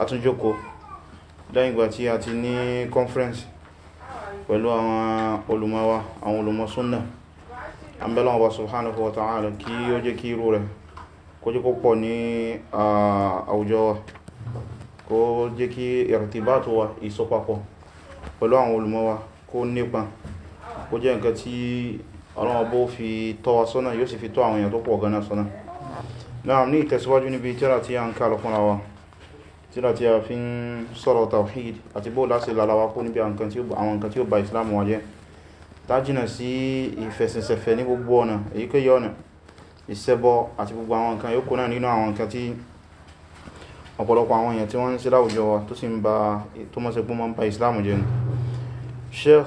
àtúnjókó dáyìngbà tí a ti ní conference pẹ̀lú àwọn olùmọ́wá àwọn olùmọ́súnnà àmbẹ́lọ́wọ́ wa subhanahu wa ta'ala kí ó jẹ́ kí irú rẹ̀ kó jẹ́ kó pọ̀ ní àwùjọ wa kó jẹ́ kí ìrìtìbátò wa ìsọpapọ̀ pẹ̀lú àwọn olùmọ́wá kó nípa kó jẹ́ nǹkan tí ọlọ́wọ́ bó fi tọ́ wa sọ́nà yóò sì fi tọ́ àwọn èèyàn tó pọ̀ gan náà sọ́nà náà ní ìtẹ̀síwájú níbi tírà tí a ń kà lọ́kùnra wa tíra tí a fi ń sọ̀rọ̀ tawhid àti bó láti lalawa kó níbi àwọn nǹkan tí ó ba islam wa jẹ́ tájìnà sí ìfẹ̀sẹ̀sẹ̀fẹ̀ ní gbogbo ọ̀nà èyíkéyìí ọ̀nà ìṣẹbọ àti gbogbo àwọn nǹkan yóò kó náà nínú àwọn nǹkan tí ọ̀pọ̀lọpọ̀ àwọn èèyàn tí wọ́n ń ṣe láwùjọ tó sì ń ba tó mọ́sẹ̀ pọ́ mọ́ ń ba islam sheikh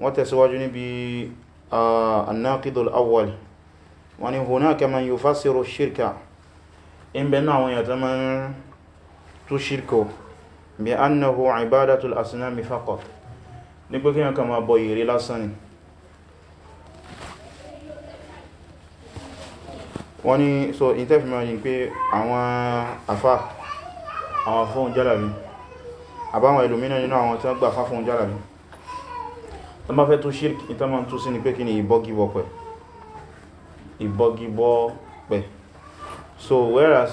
wọ́n tẹ̀síwájú níbi annaqidul awwal wọ́n ni hunaka man yufassiru shirka in bẹ̀rẹ̀ àwọn èèyàn tó máa tó ṣírkọ bí annahu ibadatul asnami faqat ní pé kíyàn kan máa bọ yìí lásán ni wọ́n ní so interfimọ́ ni pé àwọn afá àwọn fún jálàbí àbáwọn ìlúmínà nínú àwọn tí wọ́n gbà fá fún jálàbí tó bá fẹ́ tó ṣírk so whereas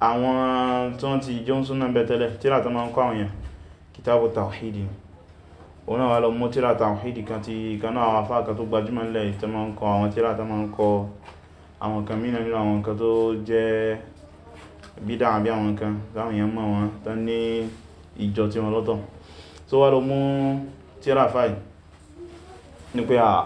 àwọn tó ti johnson náà bẹ̀tẹ̀lẹ̀ tíra tó máa ń kọ́ àwọn èèyàn kìtàbù tàwàhídì òun náà wà lọ mú tíra tàwàhídì kan ti kaná àwọn afáàkà tó gbajúmọ̀ lẹ̀ tó máa ń kọ àwọn tíra tó máa ń kọ àwọn kan mìíràn nínú àwọn kan tó jẹ́ bídá àbí àwọn kan táwọn èèyàn mọ̀ wọn tó ní ìjọ tí wọn lọ́tọ̀ tó wà lọ mú tíra fáì ní pé à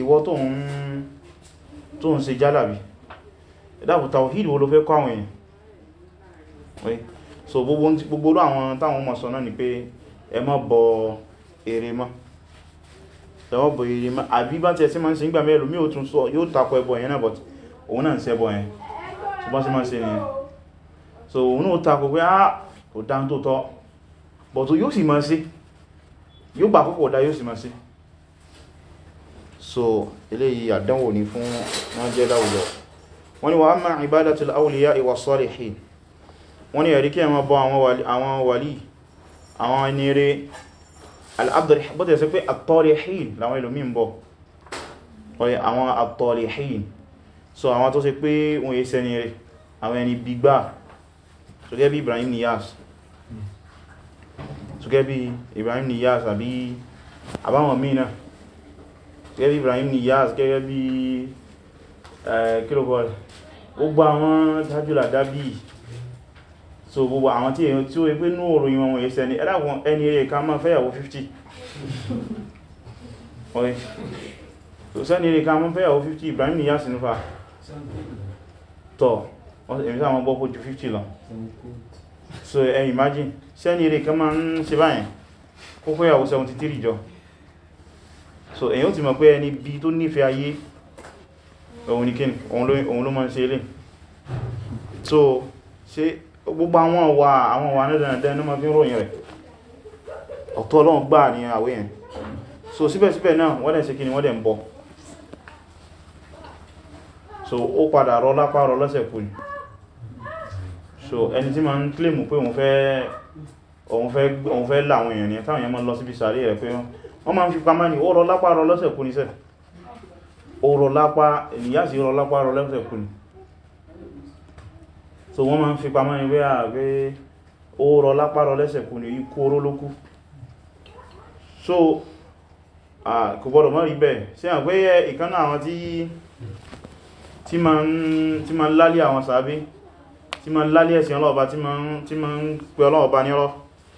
ìwọ tó ń ṣe jálàbí ẹ̀dàpù tawhid wo ló fẹ́ kọ́ àwọn èèyàn so gbogbo olú àwọn táwọn ọmọ sọ náà ni pé ẹ má bọ èrè mọ́ ẹwọ́ bọ èrè mọ́ àbí bá ti ẹ̀ sí máa ń ṣe ń gbà mẹ́lú mí ò tún sọ yóò takọ ẹbọ yẹn náà but òun náà ń ṣẹbọ yẹn tó bá sí máa ń ṣe nìyẹn so òun náà takọ pé ah kò dá tó tọ́ but yóò sì máa ṣe yóò gbà kókò dá yóò sì máa ṣe so eléyìí àdánwò ní fún wọ́n jẹ́ láwùjọ wọ́n ni wa amma ibadatul awliya wa salihin wọ́n ni ẹ̀rí kí ẹ ma bọ àwọn wàlí àwọn ẹnire al'abdurrahman bọ́tẹ̀ sọ pé at-talihin láwọn ilomi ń bọ̀ àwọn at-talihin so àwọn tó ṣe pé wọ́n yẹ sẹ́ni rẹ̀ àwọn ẹni gbígbà so gẹ́bí Ibrahim Niyas so gẹ́bí Ibrahim Niyas àbí àbáwọn mìíràn gẹ́gẹ́ bí Ibrahim Niyaz gẹ́gẹ́ bí kílòkọ́ gbogbo àwọn dájúlà dábí so gbogbo àwọn tí èyàn tí ó pé ní òòrùn ìwọ̀n wọ̀nyí sẹni ẹ̀dàwọn ẹni rẹ̀ ká máa fẹ́yàwó 50 ọ̀rẹ́ so sẹ́ni rẹ̀ ká máa fẹ́yàwó 50 Ibrahim Niyaz nífà tọ̀ èmi sáwọn gbọ́ pọ̀ ju 50 lọ so ẹ imagine sẹ́ni rẹ̀ ká máa ń ṣe báyẹn kó fẹ́yàwó 73 jọ so èyàn ti mọ̀ pé ẹni bí tó nífẹ̀ẹ́ ayé òun ni kíni òun ló máa ń ṣe ilé so ṣe gbogbo àwọn wà àwọn wà náà dandan ní ma fi ròyìn rẹ̀ ọ̀tọ̀ Ọlọ́run gbà ní àwẹ́ yẹn so síbẹ̀síbẹ̀ náà wọ́n dẹ̀ ṣe kíni wọ́n dẹ̀ ń bọ̀ so ó padà rọ lápá rọ lọ́sẹ̀ kù ni so ẹni tí ma ń claim pé òun fẹ́ òun fẹ́ là àwọn èèyàn ni táwọn èèyàn máa lọ síbi sàárè rẹ̀ pé wọ́n ma ń fi pamá ní ọ̀rọ̀ lápá rọ lọ́sẹ̀ kú ní sẹ́ ọ̀rọ̀ lápá ènìyàn sí ọ̀rọ̀ lápá rọ lọ́sẹ̀ kú ní so wọ́n ma ń fi pamá ní pé ọ̀rọ̀ lápá rọ lọ́sẹ̀ kú ní ikú oró ló a so kò gbọ́dọ̀ mọ́ rí bẹ́ẹ̀ sí àwọn pé ìkánná àwọn tí ma ń lálé àwọn sàábí tí ma ń lálé ẹ̀sìn ọlọ́ọ̀bá tí ma ń pẹ ọlọ́ọ̀bá nírọ́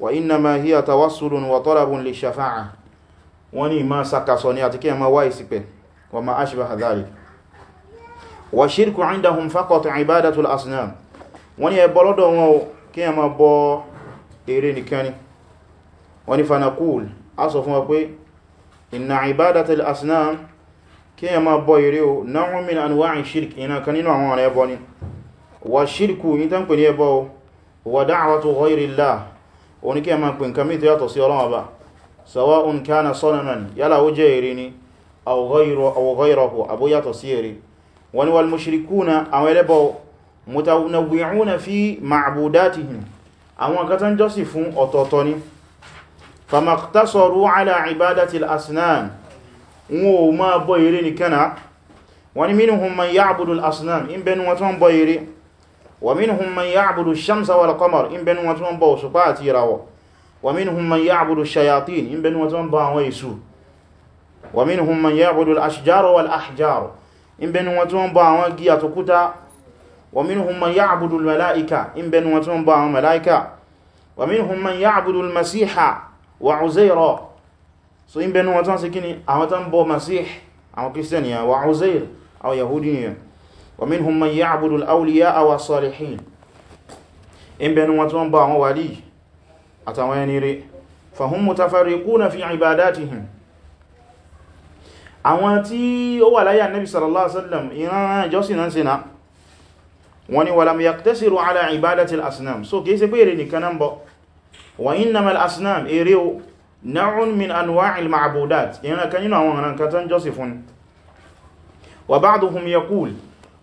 وإنما هي توصل وطلب للشفاعة وني ما سكسوني أتكي ما وايسك وما أشبه ذلك والشرك عندهم فقط عبادة الأصنام وني يبلدون كما بو إيريني كاني وني فنقول أصف وقوي إن عبادة الأصنام كما بو إيريو نوع من أنواع الشرك إنا كان نوع من يبوني والشرك يتنقل يبو ودعوة غير الله òní kí a máa pè nǹkan mìí tó yàtọ̀ sí Ọlọ́run Ọba sawa'un kana sanaman yálà ó jẹ́ ère ni aw ghayruhu àbó yàtọ̀ sí ère wani wal mushrikuna àwọn ẹlẹ́bọ̀ mutanawwi'una fi ma'budatihim àwọn kan tán jọ́sìn fún ọ̀tọ̀ọ̀tọ̀ ni famaqtasaru ala ibadati al-asnam wọn ومنهم من يعبد الشمس والقمر إن بين تمن بو سباتي راو ومنهم من يعبد الشياطين إن بين تمن بو ويسو ومنهم من يعبد الأشجار والأحجار إن بين تمن بو جيا تكوتا ومنهم من يعبد الملائكة إن بين تمن بو ملائكة ومنهم من يعبد المسيح وعزير so in بين watan se kini بو مسيح bo masih awon christian ya ومنهم من يعبد الأولياء والصالحين إن بين وطن با ولي أتوانيري فهم متفرقون في عباداتهم àwọn tí ó wà láyé annabi sallallahu alaihi wasallam ìran jọ́sìn náà sína wọ́n ni walam yaktasiru ala ibadati al-asnam so kìí ṣe pé nìkan náà bọ̀ wa innama al-asnam èrè o na'un min anwa'il ma'budat ìran kan nínú àwọn ọ̀ràn kan fún wa ba'duhum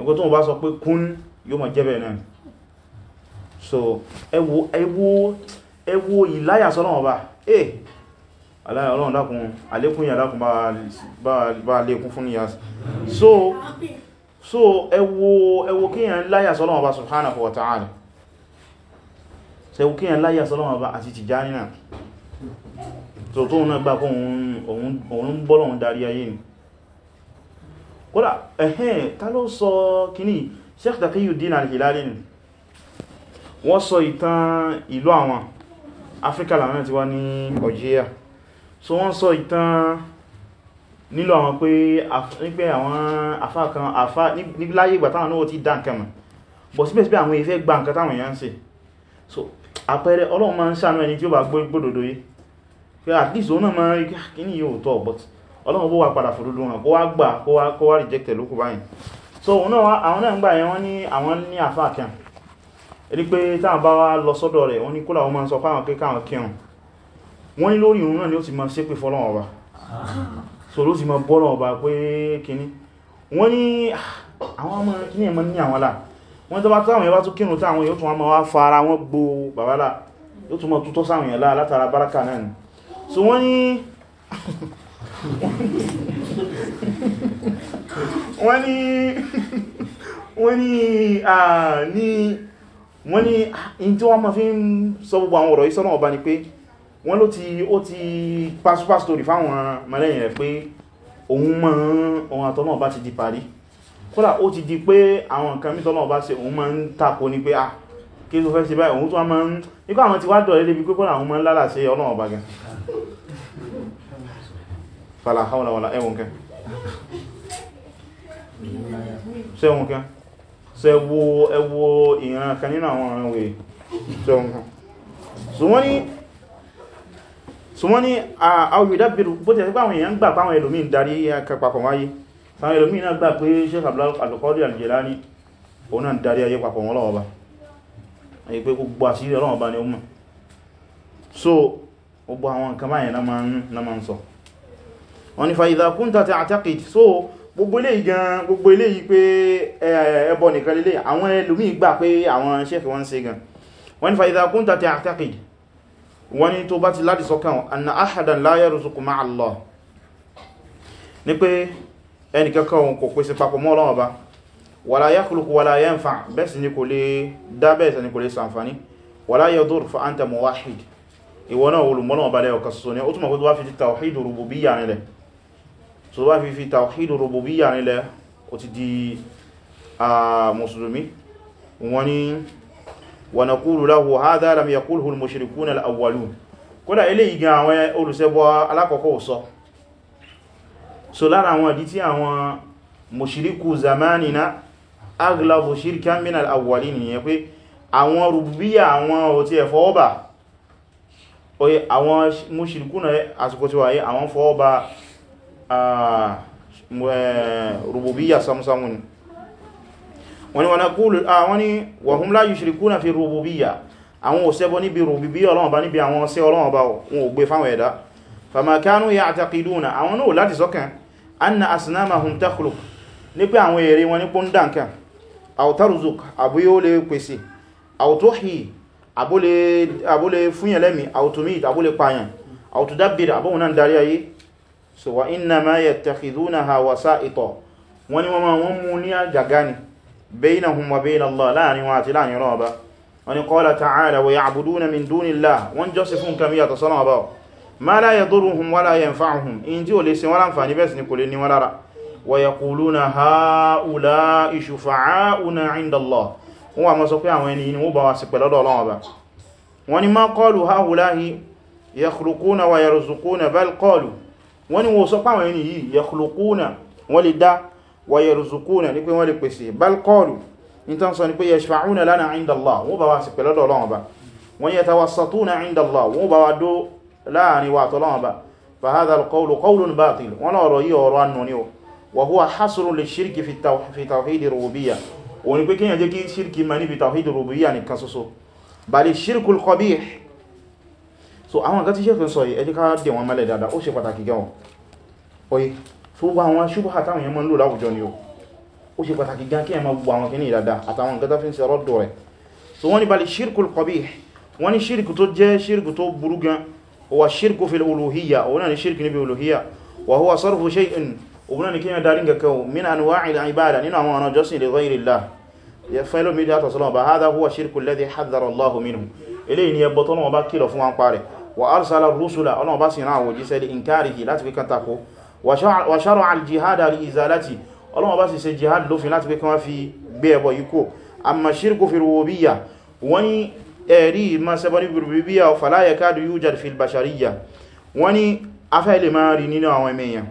ẹgbẹ́ tó wọ́n bá sọ pé kún yóò mọ̀ jẹ́bẹ̀ náà so ẹwọ ẹwọ ẹwọ ìláyà sọ́lọ́wọ́ bá eh aláyà ọlọ́run dákun alékún yà dákun bá alékún fún níyà so so ẹwọ ẹwọ kíyàn láyà sọ́lọ́wọ́ bá subhanahu wa ta'ala so ẹwọ kíyàn láyà sọ́lọ́wọ́ bá àti Tìjání náà so tó náà gbà fún òun bọ́lọ̀ darí ayé ni kódà ẹ̀hẹ́n ta ló sọ kíní Sheikh Taqiyuddin al-Hilali ni wọ́n sọ ìtàn ìlú àwọn Africa làwọn ti wá ní Algeria so wọ́n sọ ìtàn nílò àwọn pé àwọn afá kan afá níláyé ìgbà táwọn náà ti dá nǹkan mọ̀ bọ̀ síbẹ̀síbẹ̀ àwọn ìfẹ́ gba nǹkan táwọn èèyàn ń ṣe so àpẹẹrẹ Ọlọ́run máa ń ṣàánú ẹni tí ó bá gbódòdó yé at least òun náà máa rí ah, kí yóò tọ́ but ọlọ́run bó wà padà fòdúdú wọn kó wá gbà kó wá rejected lókù báyìí so àwọn náà ń gbà yẹn wọ́n ní àwọn ní àfáà kẹrùn ẹni pé táwọn bá wá lọ sọ́dọ̀ rẹ̀ wọ́n ní kólà wọ́n máa ń sọ fáwọn kékàwọn kẹrùn wọ́n ní lórí ìrun náà ni ó ti máa ṣépè fọ́lọ́wọ́ ọba so ló ti máa bọ́lọ̀ ọba pé kíní wọ́n ní àwọn ọmọ kíní ẹ̀mọ́ ní àwọn là wọ́n tó bá táwọn ẹ̀bá tó kírun táwọn yóò tún máa wá fara wọn gbó bàbálà yóò tún máa tútọ́ sáwọn ẹ̀lá látara bárakà náà ni so wọ́n ní wọ́n ní wọ́n ní ní wọ́n ní in tí wọ́n ma fi ń sọ gbogbo àwọn ọ̀rọ̀ ìsọ́nà ọba ni pé wọ́n ló ti ó ti pàṣípàá story fáwọn mẹ́lẹ́yìn rẹ̀ pé òun mọ́ ohun àtọ́nà ọba ti di parí kódà ó ti di pé àwọn nǹkan mítọ́nà ọba ṣe òun máa ń tako ni pé ah kí ló fẹ́ ṣe báyìí òun tó wá máa ń nígbà àwọn ti wá dọ̀ lé fàlà haúnà wàlà ẹwọ̀n kẹ sẹ́wọ̀n kẹ sẹ́wọ́ ẹwọ́ ìran kan nínú àwọn àwọn wèrè sẹ́wọ̀n kẹ sùmọ́ ní àwòyìdábìrù bó ti ẹ̀sẹ́gbà àwọn èèyàn gbà pàwọn ẹlòmí ń darí papọ̀ wáyé sáwọn ẹlòmí náà gbà pé Sheikh Abdul-Qadir Al-Jilani òun náà darí ayé papọ̀ wọn lọ́wọ́ bá ayé pé gbogbo àṣírí ọlọ́wọ́ bá ní ó mọ̀ so gbogbo àwọn nǹkan báyẹ̀ na máa ń sọ wọ́n ni fa idha kunta ta'taqid so gbogbo ilé gan gbogbo ilé yìí pé ẹbọ nìkan lélẹ̀ àwọn ẹlòmíì gbà pé àwọn ṣẹ́fẹ̀ wọ́n ṣe gan wọ́n ni fa idha kunta ta'taqid wọ́n ni tó bá ti láti sọ́kàn anna ahadan la yarzuqu ni ó túnmọ̀ pé tó fi ti tawhid rububiyya nílẹ̀ so wá fi fi tawhidu rububiyya nílẹ̀ ó ti di a musulmi wani wa naqulu lahu hadha lam yaqulhu al-mushrikuna al-awwalun kódà eléyìí gan àwọn olùsẹ́bọ̀ alákọ̀ọ́kọ́ sọ so lára àwọn ìdí tí àwọn mushriku zamanina aglabu shirkan min al-awwalin nìyẹn pé àwọn rububiyya àwọn ò ti ẹ̀fọ́ọ́bà àwọn mushrikuna àsìkò tí wáyé àwọn Ah, eh, rububiyya samsamu ni wani ah, wani kúlù wani wahum la yushrikuna fi rububiyya àwọn òsẹ́bọ́ níbi rububiyya Ọlọ́run Ọba níbi àwọn ọsẹ́ Ọlọ́run Ọba wọn ò gbé fáwọn ẹ̀dá fama kanu ya'taqiduna àwọn náà láti sọ́kàn anna asnamahum takhluq ní pé àwọn ère wọn ní pún dánkà aw tarzuk àbú yóò lè pèsè aw tuhyi àbú lè fúnyẹ̀lẹ́mì aw tumit àbú lè pààyàn aw tudabbir àbúhùn náà darí ayé so wa inna ma yattakhidunaha wasa'ita wọ́n ní wọ́n ma wọ́n mú ní àjàgá ni bainahum wa bain Allah láàrin wọn àti láàrin rọ́ọ̀bá wọ́n ní qala ta'ala wa ya'buduna min dunillah wọ́n jọ́sí fún kàmí yàtọ̀ sọ́nà ọba ma la yadurruhum wa la yanfa'uhum in tí ò lè sin wọ́n láǹfàní bẹ́ẹ̀ sì ni kò lè ní wọ́n lára wa yaquluna ha'ula'i shufa'a'una 'inda Allah wọ́n wà mọ́ sọ àwọn ẹni ni wọ́n bá wa sí pẹ̀lọ́dọ̀ Ọlọ́run ọba wọ́n ní ma qalu ha'ula'i yakhluquna wa yarzuquna bal qalu wọ́n ni wọ́n sọ páwọn ẹni yìí yakhluquna wọ́n lè dá wa yarzuquna ní pé wọ́n lè pèsè bal qalu ní tán sọ ní pé yashfa'una lana 'inda Allah wọ́n bá wá sí pẹ̀lọ́dọ̀ Ọlọ́run ba wọ́n yatawassatuna 'inda Allah wọ́n bá wá dó láàrin wa tọ́lọ́run ba fa hadha al-qawlu qawlun batil wọ́n náà ọ̀rọ̀ yìí so àwọn nǹkan tí ṣe fún sọ yìí ẹ jẹ́ ká dẹ̀ wọn mẹ́lẹ̀ dáadáa ó ṣe pàtàkì gan oye so gbogbo àwọn ṣubúhà táwọn èèyàn máa ń lò láwùjọ ni o ó ṣe pàtàkì gan kí ẹ máa gbogbo àwọn kìíní dáadáa àtàwọn nǹkan tó fi ń ṣe rọ́dọ̀ rẹ̀ so wọ́n ní balẹ̀ ṣírkù qabih wọ́n ní ṣírkù tó jẹ́ ṣírkù tó burú gan wa ṣírkù fil uluhiyya òun náà ni ṣírkù níbi uluhiyya wa huwa sarfu shay'in òun náà ni kí ẹ darí nǹkan kan min ibada nínú àwọn ọ̀nà jọ́sìn li ghayrillah ya fẹ́lómi dátọ̀ sọlọ́mọ̀ bá hadha huwa ṣírkù alladhi hadhara Allahu minhu eléyìí ni ẹbọ tọ́lọ́mọ̀ bá kìlọ̀ fún wa arsala rusula ọlọ́run bá sì rán àwọn òjíṣẹ́ lè inkarihi láti pé kan tako wa shara'a al-jihada li izalati ọlọ́run bá sì ṣe jihad lófin láti pé kan wá fi gbé ẹbọ yìí kó amma shirku fi rububiyya wani ẹ̀rí ma sẹ́bọ̀ ní rububiyya fala yakadu yujad fil bashariyya wani afẹ́ ilẹ̀ máa rí nínú àwọn ẹmẹ́yàn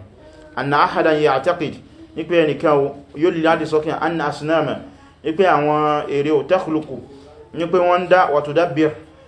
anna ahadan ya'taqid ní pé ẹnìkan yóò lè láti sọ́kẹ́ asnama ní pé àwọn èrè takhluqu ní pé wọ́n dá wa tudabbir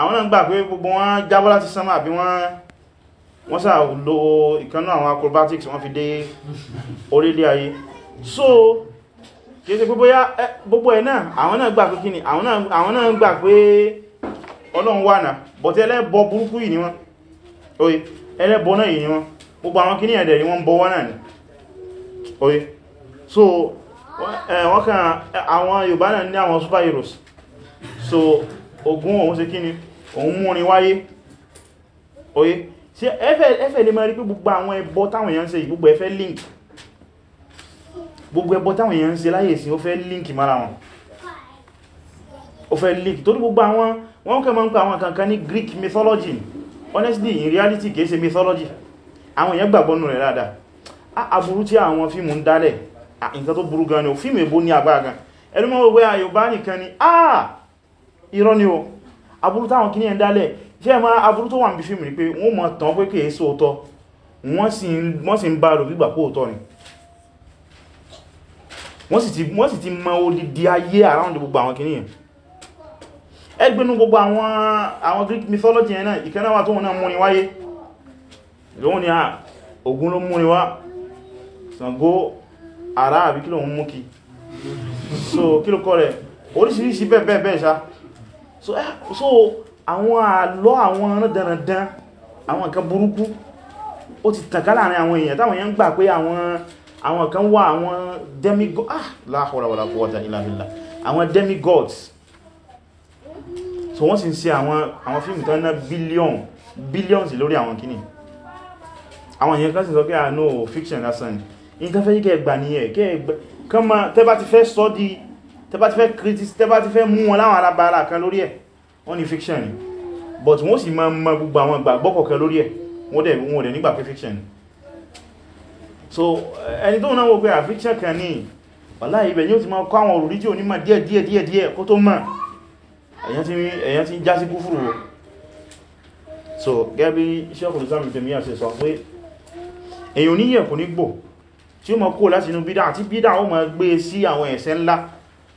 àwọn náà gbà pé gbogbo wọn jábọ́ láti sánmà àbí wọ́n sà lo ìkanú àwọn acrobatics wọ́n fi dé orílẹ̀ ayé so kìí ṣe gbogbo ẹ̀ náà àwọn náà gbà pé kíni àwọn náà gbà pé ọlọ́run wà náà bọ̀tí ẹlẹ́bọ burúkú yìí ni wọ́n oye ẹlẹ́bọ náà yìí ni wọ́n gbogbo àwọn kíní ẹ̀dẹ̀ ni wọ́n bọ wọ́n náà ni oye so wọ́n kàn àwọn Yorùbá náà ní àwọn superheroes so ogun òun ṣe kíni òun múrin wáyé oye ṣe ẹfẹ́ lè máa rí pé gbogbo àwọn ẹbọ táwọn èèyàn ṣe gbogbo ẹfẹ́ link gbogbo ẹbọ táwọn èèyàn ṣe láyé sí ó fẹ́ link mara wọn ó fẹ́ link torí gbogbo àwọn wọ́n kẹ́ máa ń pa àwọn kankan ní Greek mythology honestly in reality kìí ṣe mythology àwọn èèyàn gbàgbọ́ nù rẹ̀ dáadáa aburú tí àwọn fíìmù ń dálẹ̀ nǹkan tó burú gan ni ò fíìmù èbó ní agbára gan ẹlúmọ́ gbogbo àyòbá nìkan ni ah irọ́ ni o aburú táwọn kìíní ẹ̀ dálẹ̀ iṣẹ́ ma aburú tó wà ní fíìmù ni pé wọ́n mọ̀ tán pé kìí sóòtọ́ wọ́n sì ń bá rò gbígbà kóòtọ́ ni wọ́n sì ti mọ odidi ayé around gbogbo àwọn kìíní yẹn ẹgbẹ́nu gbogbo àwọn Greek mythology yẹn náà tó wọn náà múni wáyé lóhun ni Ògún ló múni wá Ṣàngó ara àbí so kí ló kọ́ rẹ̀ oríṣiríṣi bẹ́ẹ̀ bẹ́ẹ̀ bẹ́ẹ̀ ṣáà Eh, so àwọn àlọ́ àwọn ọ̀rọ̀dànàdàn àwọn nǹkan burúkú ó ti tàn kálà ní àwọn èèyàn táwọn èèyàn gbà pé àwọn kan wà àwọn demigods ah la hawla wala quwwata illa billah àwọn demigods so wọ́n sì ń ṣe àwọn fíìmù tán ná billion billions lórí àwọn kíní àwọn èèyàn kan sì sọ pé I ah, know fiction lásán ní ìtafẹ́ yí kẹ́ gbà nìyẹn kẹ́ gbà kán ma tẹ́ bá ti fẹ́ study? tẹba ti fẹ́ critics tẹba ti fẹ́ mú wọn láwọn alábára kan lórí ẹ̀ wọ́n ni fiction ni but wọ́n sì máa ma gbogbo àwọn gbàgbọ́ kọ̀ọ̀kan lórí ẹ̀ wọ́n dẹ̀ wọ́n dẹ̀ nígbà pé fiction ni so ẹni tó náà wọ́n pé àfiction kan ní wàlá ibẹ̀ yóò ti máa kọ́ àwọn òrùrí tí ò ní ma díẹ̀ díẹ̀ díẹ̀ díẹ̀ kó tó mọ̀ èyàn ti ń já sí kúfùrù so gẹ́gẹ́ bí sẹ́kùnrin sáàmì tẹ̀mí àṣẹ sọ pé èyàn oníyẹ̀kùn nígbò tí ó mọ̀ kó láti inú bídá àti bídá ó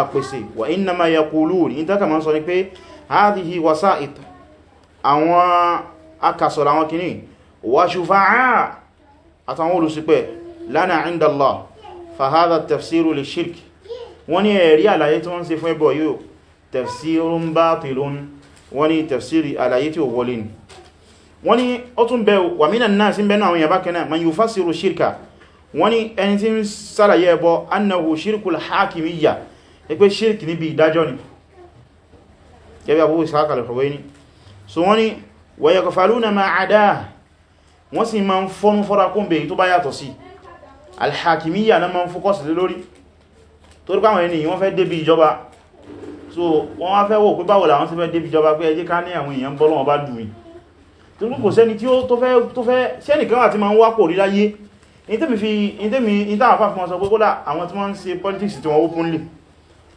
àpèsè wà innama yaqulun ní tàkà ma ń sọ ní pé hadhihi wasa'it àwọn akàsọ̀rọ̀ àwọn kìíní wa shufa'a àtàwọn olùṣìpẹ̀ lana inda Allah fa hadha tafsiru li shirk wọ́n ní ẹ̀rí àlàyé tí wọ́n ṣe fún ẹbọ yóò tafsirun batilun wọ́n ní tafsiri àlàyé tí ó wọlé ni wọ́n ní ó tún bẹ wà minan nas ń bẹ́nu àwọn yàbá kẹ́nà man yufassiru shirka wọ́n ní ẹni tí ń sálàyé ẹbọ annahu shirkul hakimiyya ẹgbẹ́ ṣírkì níbi ìdájọ́ ni gẹ́gẹ́ Abu Ishaq al-Huwayni so wọ́n ni wa yaghfaluna ma adaa wọ́n sì ma ń fọ́nú fọ́ra kúnbẹ̀ tó bá yàtọ̀ sí al-hakimiyya na ma ń fókọ́sì lé lórí torí pàwọn ẹni wọ́n fẹ́ débi ìjọba so wọ́n wá fẹ́ wò pé báwo làwọn sì fẹ́ débi ìjọba pé ẹjẹ́ ká ní àwọn èèyàn bọ́lọ́wọ́ bá dùn torí kò sẹ́ni tí ó tó rí ní tẹ́mi fi ní tẹ́mi ní tàwà fáfimọ́ sọ pé àwọn tí wọ́n ń ṣe politics tí wọ́n ó kúnlẹ̀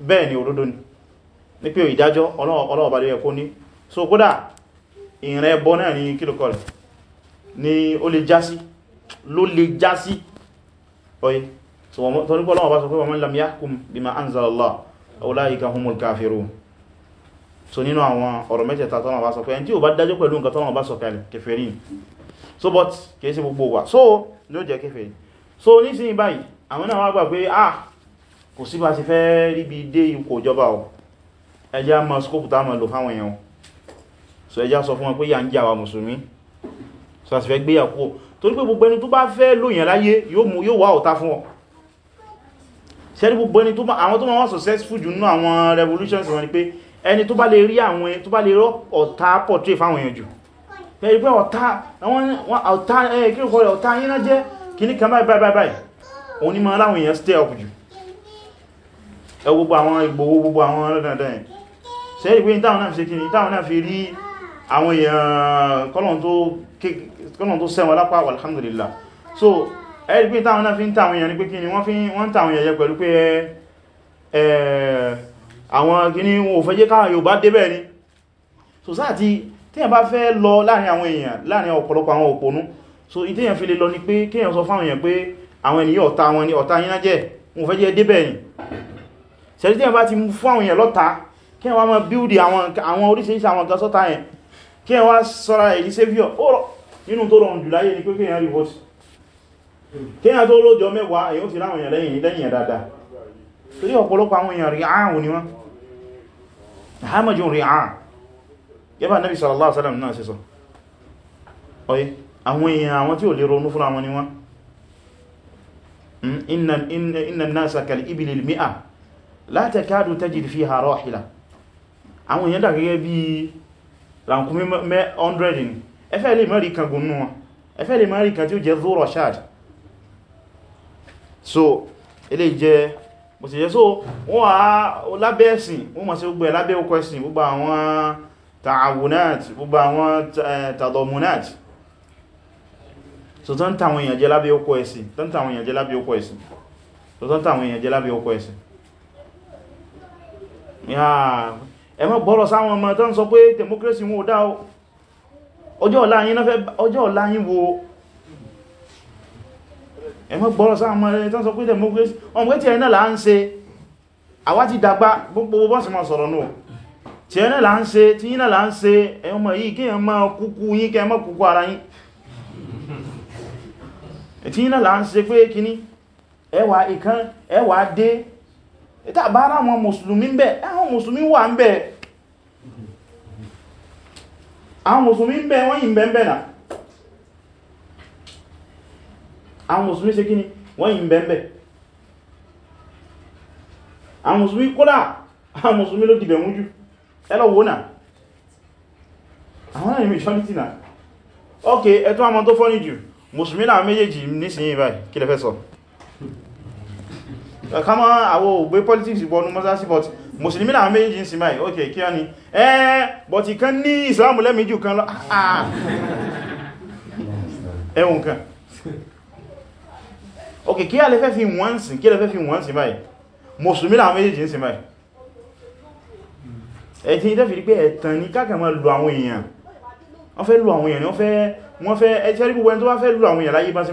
bẹ́ẹ̀ ni òdodo ni ní pé ìdájọ́ ọlọ́ọ̀bá lè ẹkó ní so kódà ìrìn ẹbọ náà ní kílùkọ́ rẹ̀ ni ó lè jásí ló lè jásí oye torípọ̀ ọlọ́ọ̀bá sọ pé wa man lam bima anzala Allah ulaika humul kafirun so nínú àwọn ọ̀rọ̀ mẹ́tẹ̀ẹ̀ta tọ́nà bá sọ pé ẹni tí ó bá dájọ́ pẹ̀lú nǹkan tọ́nà bá so but kìí sí gbogbo so ló jẹ́ so nísìnyí báyìí àwọn náà wá gbà ah, kò sí bá ti fẹ́ ríbi dé ipò ìjọba o ẹjá ma skópù tá ma lò fáwọn èèyàn so ẹjá sọ fún wọn pé yà ń jà mùsùlùmí so àti fẹ́ gbé yà kúrò torí pé gbogbo ẹni tó bá fẹ́ lóyìn láyé yóò wá ọ̀tá fún ọ sẹ́rí gbogbo ẹni àwọn tó ma wá successful jù nínú àwọn revolutions wọn ni pé ẹni tó bá lè rí àwọn tó bá lè rọ ọ̀tá portrait fáwọn èèyàn jù pẹ̀lú pé ọ̀tá ọ̀tá ẹ̀kí ọ̀tá yínà jẹ́ kìníkà báyìí báyìí báyìí òun ni ma láwọn èèyàn stay up jù ẹ àwọn Ìgbòho gbogbo àwọn dandan ṣe rí pé ìtàwọn náà fi ṣe kí ni ìtàwọn náà fi rí àwọn èèyàn kọ́lọ̀n tó sẹ́wọ̀n lápá alhamdulillah so ẹ pé ìtàwọn náà fi ń tàwọn èèyàn ní pé kí ni wọ́n tàwọn èèyàn pẹ̀lú pé àwọn kìíní wọn ò fẹ́ jẹ́ káà yóò bá débẹ̀ ni so sáàtí tíyàn bá fẹ́ lọ láàrin àwọn èèyàn láàrin ọ̀pọ̀lọpọ̀ àwọn òpónú so ìtíyàn fi lè lọ ni pé kíyàn sọ fáwọn èèyàn pé àwọn ènìyàn ọ̀tá wọn ni ọ̀tá yín jẹ́ wọn fẹ́ jẹ́ débẹ̀ ni sẹ́rí tí ẹ bá ti fún àwọn èèyàn lọ́ta kí ẹ wá mọ́ bíúdì àwọn oríṣiríṣi àwọn ọ̀gá sọ́ta yẹn kí ẹ wá sọ́ra èyí savior ó nínú tó rọrùn jù láyé ni pé kí ẹ rí vote kí ẹ tó lójọ mẹ́wàá èyí ó ti láwọn èèyàn lẹ́yìn lẹ́yìn dáadáa torí ọ̀pọ̀lọpọ̀ àwọn èèyàn rí ààrùn ni wọ́n hamadun rí ààrùn yẹba nabi sallallahu alaihi wasallam náà sí hmm, inna nasa kal-ibil mia la takadu tajid fiha rahila àwọn èèyàn dà gẹ́gẹ́ bí rankumi 100 ni ẹfẹ́ lè mẹ́rí kan gùnnú wọn ẹfẹ́ lè mẹ́rí kan tí ó jẹ́ zoro shad so ilé jẹ́ bó sì jẹ́ so wọ́n a lábẹ́ ẹ̀sìn wọ́n ma ṣe gbogbo ẹ̀ lábẹ́ ọkọ̀ ẹ̀sìn gbogbo àwọn ta'awunat gbogbo àwọn eh, tàdọ̀munat so tán ẹ̀sìn ẹmọ́ gbọ́rọ̀ sáwọn ọmọ tó sọ pé democracy wọn ò dá ọjọ́ ọ̀la wo gbọ́rọ̀ sáwọn ọmọ tó sọ pé democracy ọmọ tí là ń ṣe ti dàgbà gbogbo bọ́sì ma sọ̀rọ̀ náà tí ẹ̀ là ń ṣe tí là ń ẹ ẹwà ẹwà dé ìta bá ráwọn mùsùlùmí ń bẹ àwọn mùsùlùmí wà ń bẹ àwọn mùsùlùmí ń bẹ wọ́n yìí ń bẹ ń bẹ nà àwọn mùsùlùmí ṣe kíni wọ́n yìí ń bẹ ń bẹ àwọn mùsùlùmí kódà àwọn mùsùlùmí ló dìbẹ̀ mújú ẹlọ́wọ́ nà àwọn náà ni majority nà ok ẹ̀tún àmọ́ tó fọ́ ní jù mùsùlùmí náà méjèèjì nísìnyí báyìí kí lẹ fẹ́ sọ kama àwọ ògbé politics bọnu mọ́sásí but musulmi náà méjì ń sinmi ok kí ọ ni ẹ́ eh, but ìkan ní islam lẹ́mí jù kan lọ ẹ̀wùn kan ok kí a lè fẹ́ fi wọ́n sí kí a lè fẹ́ fi wọ́n sí báyìí musulmi náà méjì ń sinmi ẹ̀tí ní tẹ́fì pé ẹ̀tàn ní káàkà máa lu àwọn èèyàn wọ́n fẹ́ lu àwọn èèyàn wọ́n fẹ́ ẹ̀tẹ́rí gbogbo ẹni tó wá fẹ́ lu àwọn èèyàn láyé bá sí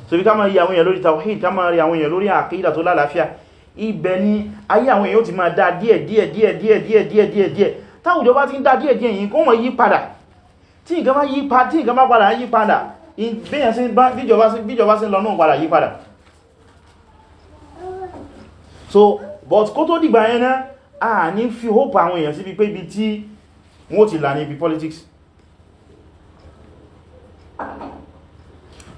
so bí ká máa rí àwọn èèyàn lórí tawhid ká máa rí àwọn èèyàn lórí àkídà tó lálàáfíà ibẹ̀ ni ayé àwọn èèyàn ti máa dá díẹ̀ díẹ̀ díẹ̀ díẹ̀ díẹ̀ díẹ̀ díẹ̀ díẹ̀ táwùjọ bá ti ń dá díẹ̀ díẹ̀ yìí kó wọ́n yí padà tí nǹkan bá yí padà tí nǹkan bá padà yí padà bíyàn sí bíjọba sí bíjọba sí lọ náà padà yí padà so but kó tó dìgbà yẹn náà a ní fi hope àwọn èèyàn síbi pé ibi tí wọ́n ti là ní ibi politics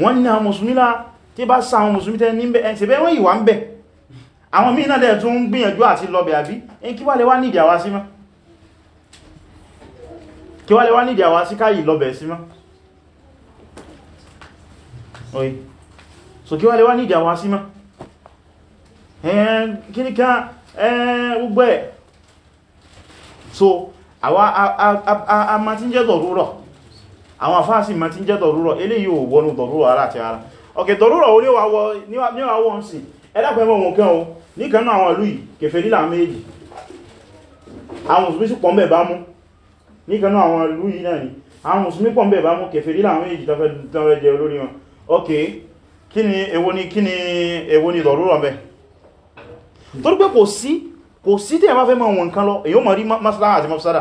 wọ́n ní àwọn musulmi lá tí bá sá àwọn musulmi tẹ́ níbẹ̀ ẹ̀ sẹ́bẹ̀ wọ́n ìwà ń bẹ̀ àwọn míì náà dẹ̀ tún ń gbìyànjú àti lọ́bẹ̀ àbí ẹn kí wá lè wá nídìí sí mọ́ so kí wá lè wá nídìí àwá sí so àwa a ma ti ń jẹ́ zọ̀rọ̀ àwọn àfáàsì ma ti ń jẹ́ dọ̀rúrọ̀ eléyìí ò wọnú dọ̀rúrọ̀ ara ti ara ok dọ̀rúrọ̀ ó níwà wọ́n sí ẹ̀dàpẹ̀ mọ́ wọn kẹ́ o ní kanú àwọn ìlú yìí kẹfẹ́ nílà méjì àwọn mùsùlùmí sì pọ̀ mẹ́ bá mú ní kanú àwọn ìlú yìí náà ni àwọn mùsùlùmí pọ̀ mẹ́ bá mú kẹfẹ́ nílà méjì tọ́fẹ́ jẹ olórí wọn ok kí ni èwo ni kí ni èwo ni dọ̀rúrọ̀ bẹ́ torí pé kò sí kò sí tí ẹ bá fẹ́ mọ́ wọn kan lọ èyí ó mọ̀ rí maslaha àti mafsada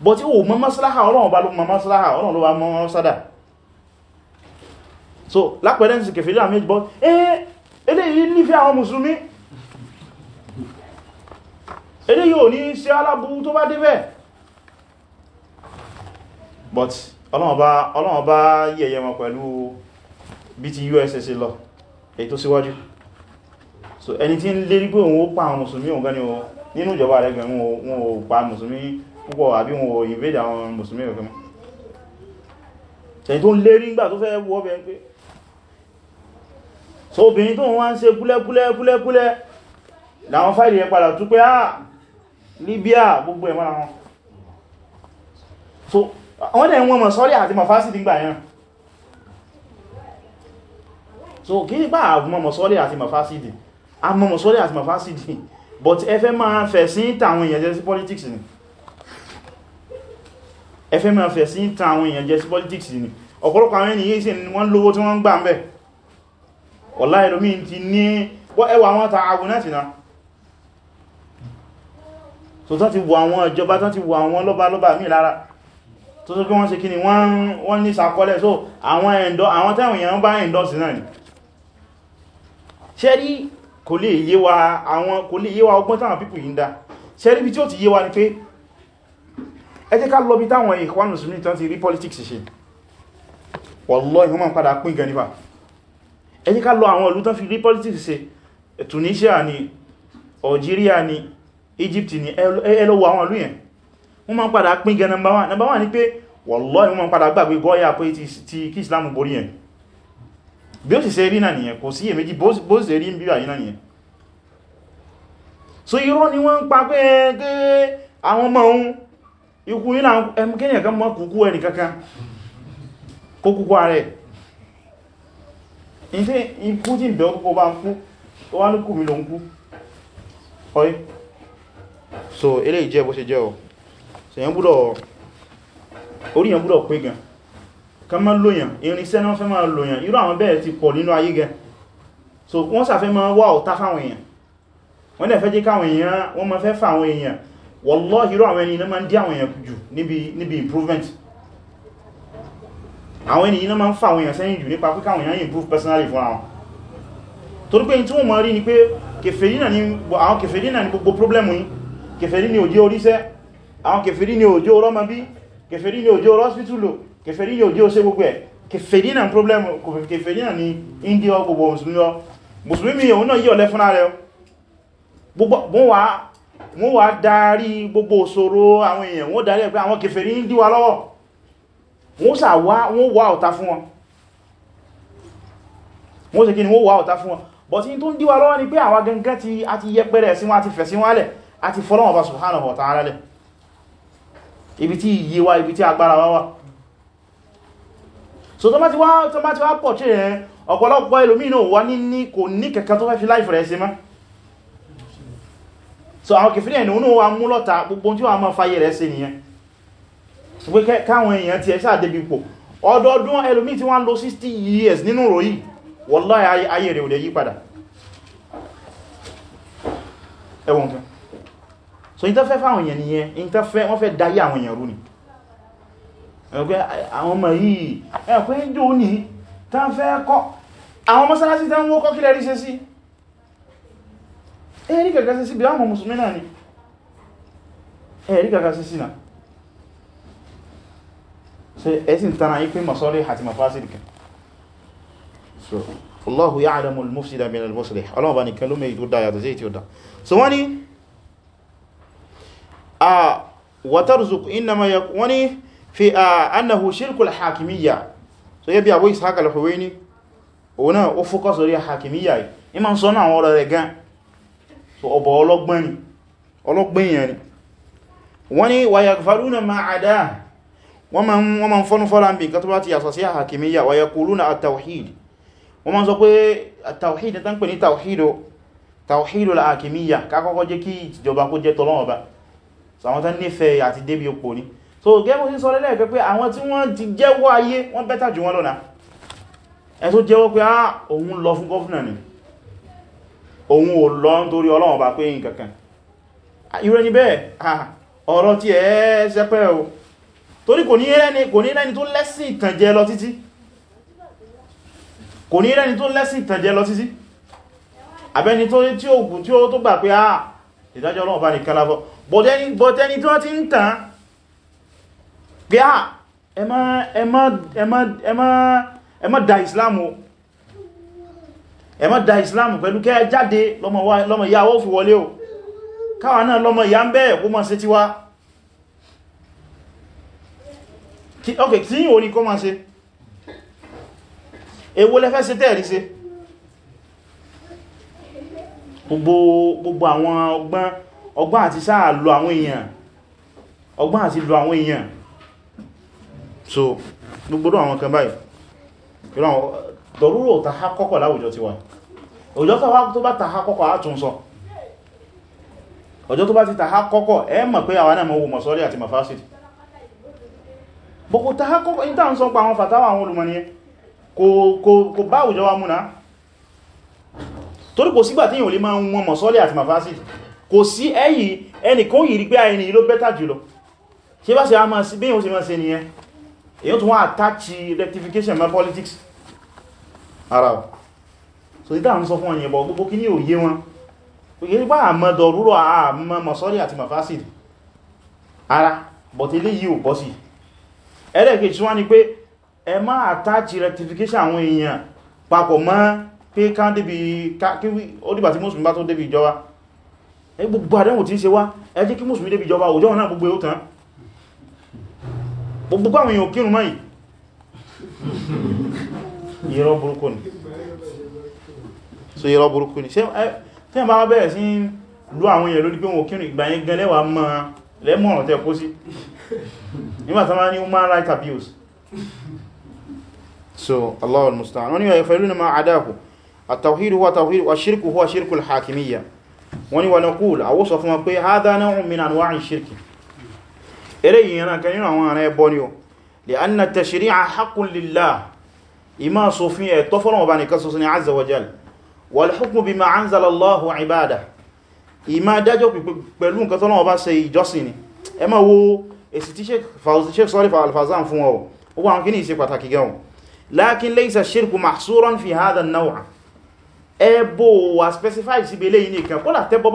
but o mọ́ maslaha ọlọ́run bá ló mọ́ maslaha ọlọ́run ló bá mọ́ mọ́sádà so lápẹẹrẹ sí kẹfẹ́ ìlànà méjì bọ́ eh eléyìí nífẹ́ àwọn mùsùlùmí eléyìí ò ní sí aláburú tó bá débẹ̀ but ọlọ́run bá yẹ̀yẹ̀ wọn pẹ̀lú bí ti uss lọ èyí tó síwájú so ẹni tí ń lérí pé òun ó pa àwọn mùsùlùmí òun gan ni nínú ìjọba rẹ̀ gan wọn ò pa mùsùlùmí púpọ̀ àbí wọn ò invade àwọn mùsùlùmí ẹ̀kọ́ mọ́ tẹ̀yìn tó ń lé rí nígbà tó fẹ́ wọ́ bẹ̀ pé so obìnrin tó wọ́n ń ṣe láwọn fáìlì ẹ̀ padà tún pé ah, Libya gbogbo ẹ̀mọ́ra wọn so wọ́n dẹ̀ wọ́n mọ̀ sọ́rí àti mafásitì gbà yẹn so kí ní pàà mọ̀ sọ́rí àti mọ̀ sọ́rí ẹfẹ́ mẹ́rin fẹ̀ sí ta àwọn èèyàn jẹ́ sí politics ni ọ̀pọ̀lọpọ̀ àwọn ènìyàn sí wọ́n lówó tí wọ́n ń gbà ń bẹ̀ ọ̀lá ẹlòmí ti ní ẹwà wọn ta agun náà tìna tó tán ti wọ àwọn ìjọba tán ti wọ àwọn lọ́balọ́ba mí lára tó tó pé wọ́n ṣe kí ni wọ́n ní sàkọlẹ̀ so àwọn ẹ̀ndọ́ àwọn táwọn èèyàn bá ẹ̀ndọ́ sí náà ni ṣẹ́rí kò lè yé wa ọgbọ́n táwọn pípù yìí ẹ jẹ́ ká lọ bí táwọn Ikhwan Muslimin tán ti rí politics ṣe wallahi wọ́n máa padà pín gan nípa ẹ jẹ́ ká lọ àwọn ìlú tán fi rí politics ṣe Tunisia ni Algeria ni Egypt ni ẹ lọ wo àwọn ìlú yẹn wọ́n máa padà pín gan number one number one ni pé wallahi wọ́n máa padà gbàgbé gọ́ọ̀yà pé ti kí Islam borí yẹn bí ó sì ṣe rí náà nìyẹn kò sí èméjì bó sì rí ń bí àyí náà nìyẹn so irọ́ ni wọ́n ń pa pé ẹgbẹ́ àwọn ọmọ ohun ikú yínà ẹmkẹ́yàn kan mọ́ kúkú ẹni kankan kó kúkú ààrẹ ìfẹ́ ikú tí bẹ̀ ọkọ̀ bá ń kú ó wá ní kú mi ló ń kú ọ̀yí so ilé ìjẹ́ bó ṣe jẹ́ ọ̀ sẹ̀yàn búdọ̀ oríyàn búdọ̀ pé gan kan máa lóyàn irinṣẹ́ wallahi irú àwọn ẹni iná ma ń dí àwọn èèyàn jù níbi improvement àwọn ẹni iná ma ń fà àwọn èèyàn sẹ́yìn jù nípa pé káwọn èèyàn improve personally fún àwọn torí pé tí wọ́n mọ̀ rí ni pé kèfèrí náà ni àwọn gbogbo problem yìí kèfèrí ni òjé oríṣẹ́ àwọn kèfèrí ni òjé orọ́ ma bí kèfèrí ni òjé orọ́ hospital lò kèfèrí ni òjé oṣe gbogbo ẹ̀ kèfèrí náà problem kèfèrí náà ni india gbogbo mùsùlùmí òun náà yíò lẹ́fúnra rẹ̀ gbogbo wọn wà wọ́n wá darí gbogbo òṣòro àwọn èèyàn wọ́n darí ẹ̀pẹ́ àwọn kèfèrí ń dí wa lọ́wọ́ wọ́n sà wá wọ́n wá ọ̀tá fún wọn wọ́n sì kí ni wọ́n wá ọ̀tá fún wọn but in tó ń dí wa lọ́wọ́ ni pé àwọn gangan ti a ti yẹpẹrẹ sí wọn a ti fẹ̀ sí wọn lẹ̀ a ti fọ́lọ́wọ́n bá subhanahu wa so tó bá ti wá pọ̀ tí ẹ̀ ọ̀pọ̀lọpọ̀ ẹlòmínà wà ní kò ní kẹ̀kẹ́ tó fẹ́ so àwọn kìfìrí ẹni oníwọ́ wa mú lọ́ta gbogbo tí wọ́n ma fàyè rẹ̀ sí nìyẹn pé káwọn èèyàn ti ẹ̀ṣà débi pò ọdọọdún ẹlòmí tí wọ́n lò 60 years nínú ròyí wallahi ayé rẹ̀ ò lè yí padà ẹwọ̀n kan so ìtafẹ́ fáwọn èèyàn nìyẹn ìtafẹ́ wọ́n fẹ́ dáyé àwọn èèyàn rú ni ẹgbẹ́ àwọn ọmọ yìí ẹ̀kọ́ ìjò ní tán fẹ́ kọ́ àwọn mọ́sálásí tán wó kọ́kílẹ̀ rí ṣe sí ẹ̀rí kàkà sí sí bí àwọn musulmi náà ni ẹ̀rí kàkà sí sí náà so ẹ̀sìn tana ipin masọ́lẹ̀ àti mafásílìkà so Allahu ya'lamu al-mufsida min al-muslih Allah bá nìkan ló mẹ́ tó dá yàtọ̀ sí tí ó dá so wọ́n ni a watarzuq innama yakwani fi a annahu shirkul hakimiyya so yẹ bí Abu Ishaq al-Huwaini òun náà ó hakimiyya yìí ma ń sọ so ọ̀bọ̀ ọlọ́gbọ́n ni ọlọ́gbọ́n yẹn ni wọ́n ni wayakfaruna ma àdá wọ́n ma ń fọ́nú fọ́lá ń bí nǹkan tó bá ti yàsọ̀ sí àhàkìmíyà wayakuluna àtàwàhìdì wọ́n ma sọ pé àtàwàhìdì tán pè ní tàwàhìdì àhàkìmíyà kákọ́kọ́ jẹ́ so gẹ́mù sí sọ lẹ́lẹ́ pẹ́ pé àwọn tí wọ́n ti jẹ́wọ́ ayé wọ́n bẹ́tà jù wọ́n lọ́nà òun ò lọ nítorí ọlọ́run bá pé nǹkankan irọ́ ni bẹ́ẹ̀ ọ̀rọ̀ tí ẹ sẹ́pẹ́ o torí kò ní rẹ́ni tó lẹ́sìn ìtànjẹ lọ títí kò ní rẹ́ni tó lẹ́sìn ìtànjẹ lọ títí abẹ́ni tó tí ó kù tí ó tó gbà pé à ìdájọ́ ọlọ́run bá ní kalabọ́ bọ̀tẹ́ni tó ti ń tàn pé à ẹ da Islam o ẹ má da islam pẹ̀lú kẹ́ jáde lọ́mọ ìyá ó fi wọlé o káwa náà lọ́mọ ìyá ń bẹ́ẹ̀ kó mọ́ sí ti wá ok tí yíò ní kó mọ́ sí èwo lẹ́fẹ́ sí tẹ́ẹ̀rí sí gbogbo àwọn ọgbọ́n ọgbọ́n àti sáà lọ àwọn èèyàn ọgbọ́n àti lọ àwọn èèyàn so gbogbo àwọn kan báyìí dọ̀rúrò tàhá kọ́kọ̀ láwùjọ ti wà ọjọ́ tó bá tàhá kọ́kọ̀ átún sọ ọjọ́ tó bá ti tàhá kọ́kọ̀ ẹ mọ̀ pé àwọn náà mọ̀ mọ̀sọ́rí àti mafasid bọ̀kù tàhá kọ́kọ̀ ní tàà ń sọ pa àwọn fàtàwà àwọn olùmọ̀ nìyẹn kò bá àwùjọ wa múná torí kò sígbà tí yìí ò lè máa wọn mọ̀sọ́rí àti mafasid kò sí ẹ̀yí ẹnì kó yìí rí pé ẹni ló bẹ́tà jùlọ ṣe bá ṣe a máa sí bí yíò ṣe máa ṣe nìyẹn èyí tó wọ́n àtàkì rectification my politics ara ọ̀ so ìdá ń gbogbo kí ní òye wọn òye nípa àmọ́dọ̀ rúrọ̀ àti mafasid ara but yìí ò bọ́ sí ẹlẹ́kejì wọ́n ni pé ẹ attach rectification àwọn èèyàn papọ̀ mọ́ pé kán débi kíwí ó ti tí gbogbo gbogbo gbogbo irọ́ burúkú ni so irọ́ burúkú ni tí wọ́n bá bẹ̀rẹ̀ sí lú àwọn èèyàn lórí pé wọn kírùn ìgbà yẹn gan lẹ́wàá mọ́ lẹ́mọ̀ràn tẹ́ kó sí nígbàtí wọ́n ní human rights abuse so Allah al-musta'an wọ́n ni wọ́n yafaluna ma adahu at-tawhid huwa tawhid wa shirku huwa shirku al-hakimiyya wọ́n ni wọ́n na kúl àwọ́ sọ fún wọn pé hadha naw'un min anwa'i shirki eléyìí yana kan nínú àwọn ará ẹbọ ni o li anna tashri'a haqqun lillah ìmá sòfin ẹ̀tọ́ e, fọ́lọ̀wọ̀ bá nìkan ṣoṣo ní azza wa jal wal hukmu bima anzala Allahu ibada ìmá dájọ́ pẹ̀lú nǹkan tọ́lọ̀wọ̀ bá ṣe ìjọsìn ni ẹ ma wo èsì tí Sheikh Saalih Al Fawzān fún ọ ó wà kí ní ìṣe pàtàkì gan lakin laysa shirku mahsuran fi hadha an-naw' ẹbọ wà specify sí belé yìí nìkan kọ́lá tẹ́bọ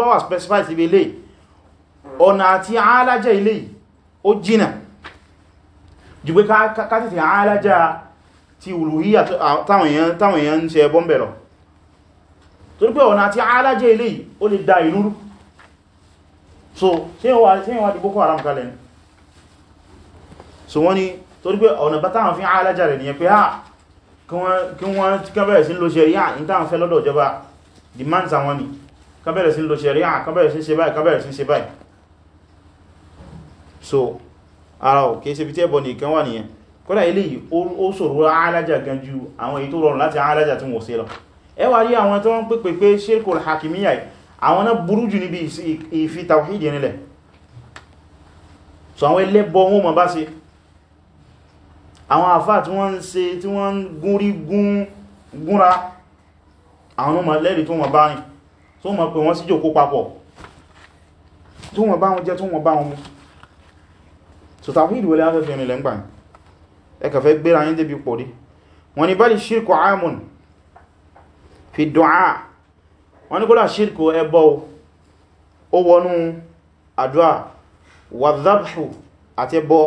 bá ti uluhiyya táwọn èèyàn ń ṣe bọ́m̀bẹ̀ lọ torí pé ọ̀nà àti alájẹ́ ilé yìí ó lè da ìlú rú so ṣe wà di Boko Haram kalẹ̀ ni so wọ́n ni torí pé ọ̀nà bá táwọn fi alájẹ́ rẹ̀ nìyẹn pé ha kí wọ́n kábẹ̀rẹ̀ sí lo ṣẹ̀ríà ní táwọn fẹ́ lọ́dọ̀ ìjọba demands àwọn ni so ara ò kéèsè bí tí kọ́lá ilé yìí ó ṣòro alájà gan ju àwọn èyí tó rọrùn láti alájà tí wọ́n ṣe lọ ẹ wá rí àwọn tó ń pèpè pé ṣírkul hakimiyya àwọn náà burú jù níbi ìfi tawhid nílẹ̀ so àwọn ẹlẹ́bọ wọn mọ̀ bá ṣe àwọn àfá tí wọ́n ń ṣe tí wọ́n ń gúnrí gúnra àwọn ọmọ lẹ́rì tó wọ́n bá rìn tó wọ́n pè wọ́n sí jòkó papọ̀ tó wọ́n bá wọn jẹ́ tó wọ́n bá wọn mú so tawhid wọlé afẹ́fẹ́ rìn lẹ́ngbàmí ẹkà fẹ́ gbéra yín débi pọ̀ rí wọ́n ní bali ṣírkù amun fi du'a wọ́n ní kódà ṣírkù ẹbọ ó wọnú àdúà wà dhabhu àti ẹbọ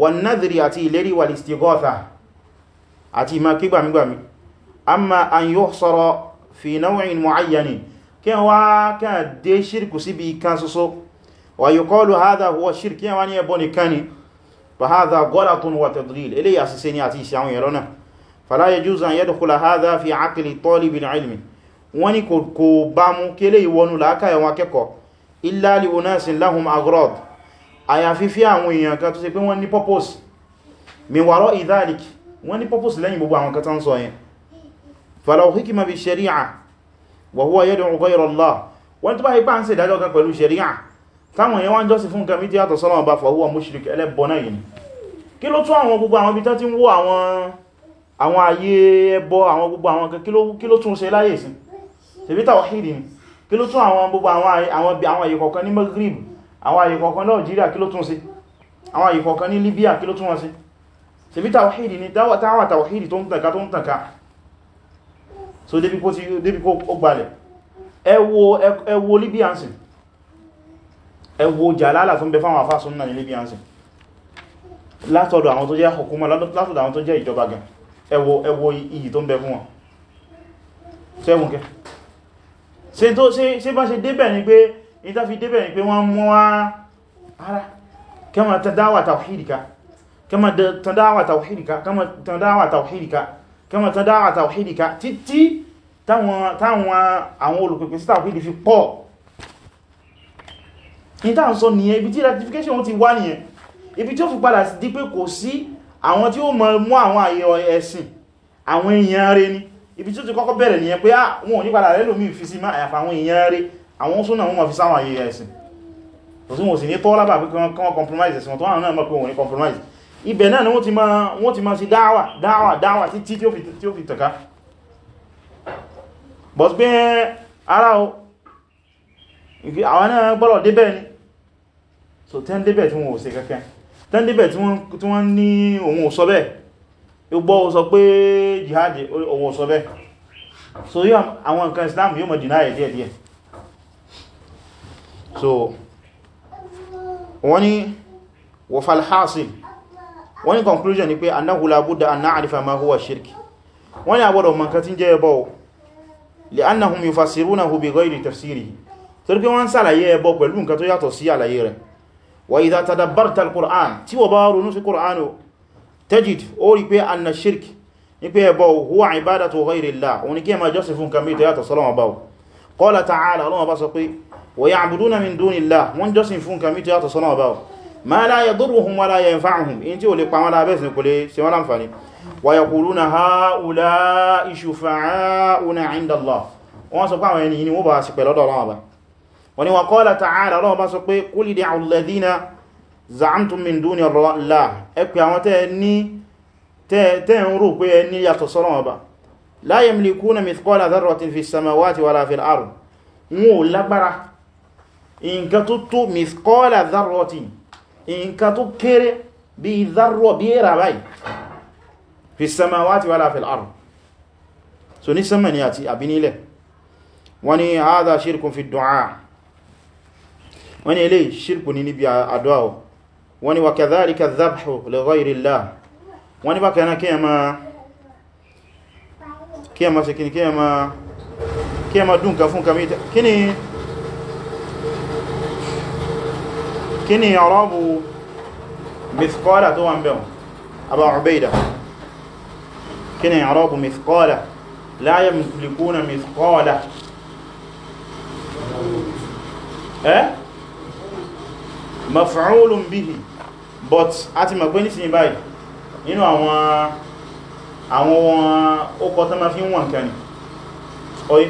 wà nadhri àti ìlérí wà listighatha àti ìmá kí gbàmígbàmí amma an yuhsara fi naw'in mu'ayyanin kí wá kí dé ṣírkù síbi kan ṣoṣo wà yuqalu hadha huwa ṣírkù kí wá ní ẹbọ nìkan ni فهذا غلط وتضليل إلي أسسيني أتي سيعون يلونا فلا يجوز أن يدخل هذا في عقل طالب العلم وني كوبامو كلي ونو لاكا يواككو إلا لأناس لهم أغراض àyàfi fí àwọn èèyàn kan tó ṣe pé wọ́n ní purpose mi wàrọ́ ìdálik wọ́n ní purpose lẹ́yìn gbogbo àwọn kátán sọ yẹn falau hikima bi shari'a wa huwa yad'u ghayra Allah wọ́n tó bá ipá ń ṣe ìdájọ́ kan pẹ̀lú táwọn èèyàn wọ́n jọ́sìn fún nǹkan mídí yàtọ̀ sọ́lọ́wọ́ bá fọwọ́ mushrik ẹlẹ́bọ náà yìí kí ló tún àwọn gbogbo àwọn ibi tán ti ń wó àwọn ayé ẹbọ àwọn gbogbo àwọn kan kí ló tún ṣe láyé sí tẹ̀bí tawhid ni kí ló tún àwọn gbogbo àwọn àyè kọ̀ọ̀kan ní Maghrib àwọn àyè kọ̀ọ̀kan Nigeria kí ló tún ṣe àwọn àyè kọ̀ọ̀kan ní Libya kí ló tún wọ́n ṣe tẹ̀bí tawhid ni dáwà táwà tawhid tó ń tànká tó ń tànká so débí kó gbalẹ̀ ẹ wo Libya sìn ẹwọ jàlálà tó ń bẹ fáwọn àfáà súnnà ní libyan sí látọ̀dọ̀ àwọn tó jẹ́ hukuma látọ̀dọ̀ àwọn tó jẹ́ ìjọba gan ẹwọ ẹwọ iyì tó ń bẹ fún wọn sẹ́wọ̀n kẹ́ ṣe tó ṣe bá ṣe débẹ̀ ni pé ìta fi débẹ̀ ni pé wọ́n mú ara ní tàà ń sọ nìyẹn ibi tí rectification ti wá nìyẹn ibi tí ó fi padà sí di pé kò sí àwọn tí ó mọ̀ mú àwọn àyẹ̀ ẹ̀sìn àwọn èèyàn rẹ̀ ni ibi tí ó ti kọ́kọ́ bẹ̀rẹ̀ nìyẹn pé ah, wọn ò ní padà rẹ̀ lómi fi sí àyàfà àwọn èèyàn rẹ̀ àwọn súnà wọn fi sáwọn àyẹ̀ ẹ̀sìn kò sí wọn sì ní tọ́ lábà pé kán compromise ẹ̀sìn tó náà mọ̀ pé wọn ní compromise ibẹ̀ náà ni wọ́n ti máa sí dáwà dáwà dáwà títí tí ó fi tẹ̀ka bọ́s pé ara o àwọn náà gbọ́lọ̀ débẹ̀ ni so tẹ́ débẹ̀ tí wọ́n ò ṣe kẹ́kẹ́ tẹ́ débẹ̀ tí wọ́n ní òun ò sọ bẹ́ẹ̀ gbọ́ pé jihad òun ò sọ so yíò àwọn nǹkan Islam yóò mọ̀ dìnáyẹ̀ díẹ̀ díẹ̀ so wọ́n ni wọ́fàlhásìn wọ́n ni conclusion ni pé annahu la budda an na'rifa ma huwa shirk wọ́n ni àgbọ́dọ̀ mọ̀ nǹkan tí ń jẹ́ ẹbọ li'annahum yufassirunahu bighayri tafsirihi torí pé wọ́n ń ṣàlàyé ẹbọ pẹ̀lú nǹkan tó yàtọ̀ sí àlàyé rẹ̀ wa idha tadabbarta al-Qur'an tí wọ́n bá ronú sí Qur'an o tajid ó rí pé anna shirk ní pé ẹbọ huwa ibadatu ghayrillah òun ni kí ẹ ma jọ́sìn fún kàmí ìtẹ́yàtọ̀ sọ́lọ́wọ́ bá qala ta'ala ọlọ́wọ́ bá sọ pé wa ya'buduna min dunillah wọ́n jọ́sìn fún kàmí ìtẹ́yàtọ̀ sọ́lọ́wọ́ bá ma la yadurruhum wa la yanfa'uhum in tí ó lè pàwọn abẹ́sìn kò lè ṣe wọ́n láǹfàní wa yaquluna ha'ula'i shufa'a'una 'inda Allah wọ́n sọ pé àwọn ẹni yìí ni wọ́n bá sì pẹ̀lọ́dọ̀ ọlọ́wọ́ bá wọ́n ni wa qala ta'ala Ọlọ́run bá sọ pé qul ud'u alladhina za'amtum min duni Allah ẹ pè àwọn tẹ́ ní tẹ́ ń rò pé ẹ ní yàtọ̀ sọ́rọ̀ ọba la yamlikuna mithqala dharratin fi samawati wala fil ard wọn lágbára nǹkan tó tó mithqala dharratin nǹkan tó kéré bí dharra bí ẹ̀rà báyìí fi samawati wala fil ard so ní sánmà àti àbínilẹ̀ wọ́n ni shirkun fi du'a wọ́n ní eléyìí ṣírkù ní níbi àdúwà ọ̀ wọ́n ní wa kadhalika dhabhu li ghayri Allah wọ́n ní bákan náà kí ẹ ma ṣe kí ẹ ma dùn ka fún kàmí kí ni ọ̀rọ̀bù mithqala tó wọ́n bẹ̀rún Abu Ubaida kí ni ọ̀rọ̀bù mithqala la yamlikuna mithqala maf'ulun bihi but a ti mọ̀ pé nísìnyí báyìí nínú àwọn àwọn ọkọ̀ tó ma fi ń wọ̀n kan ní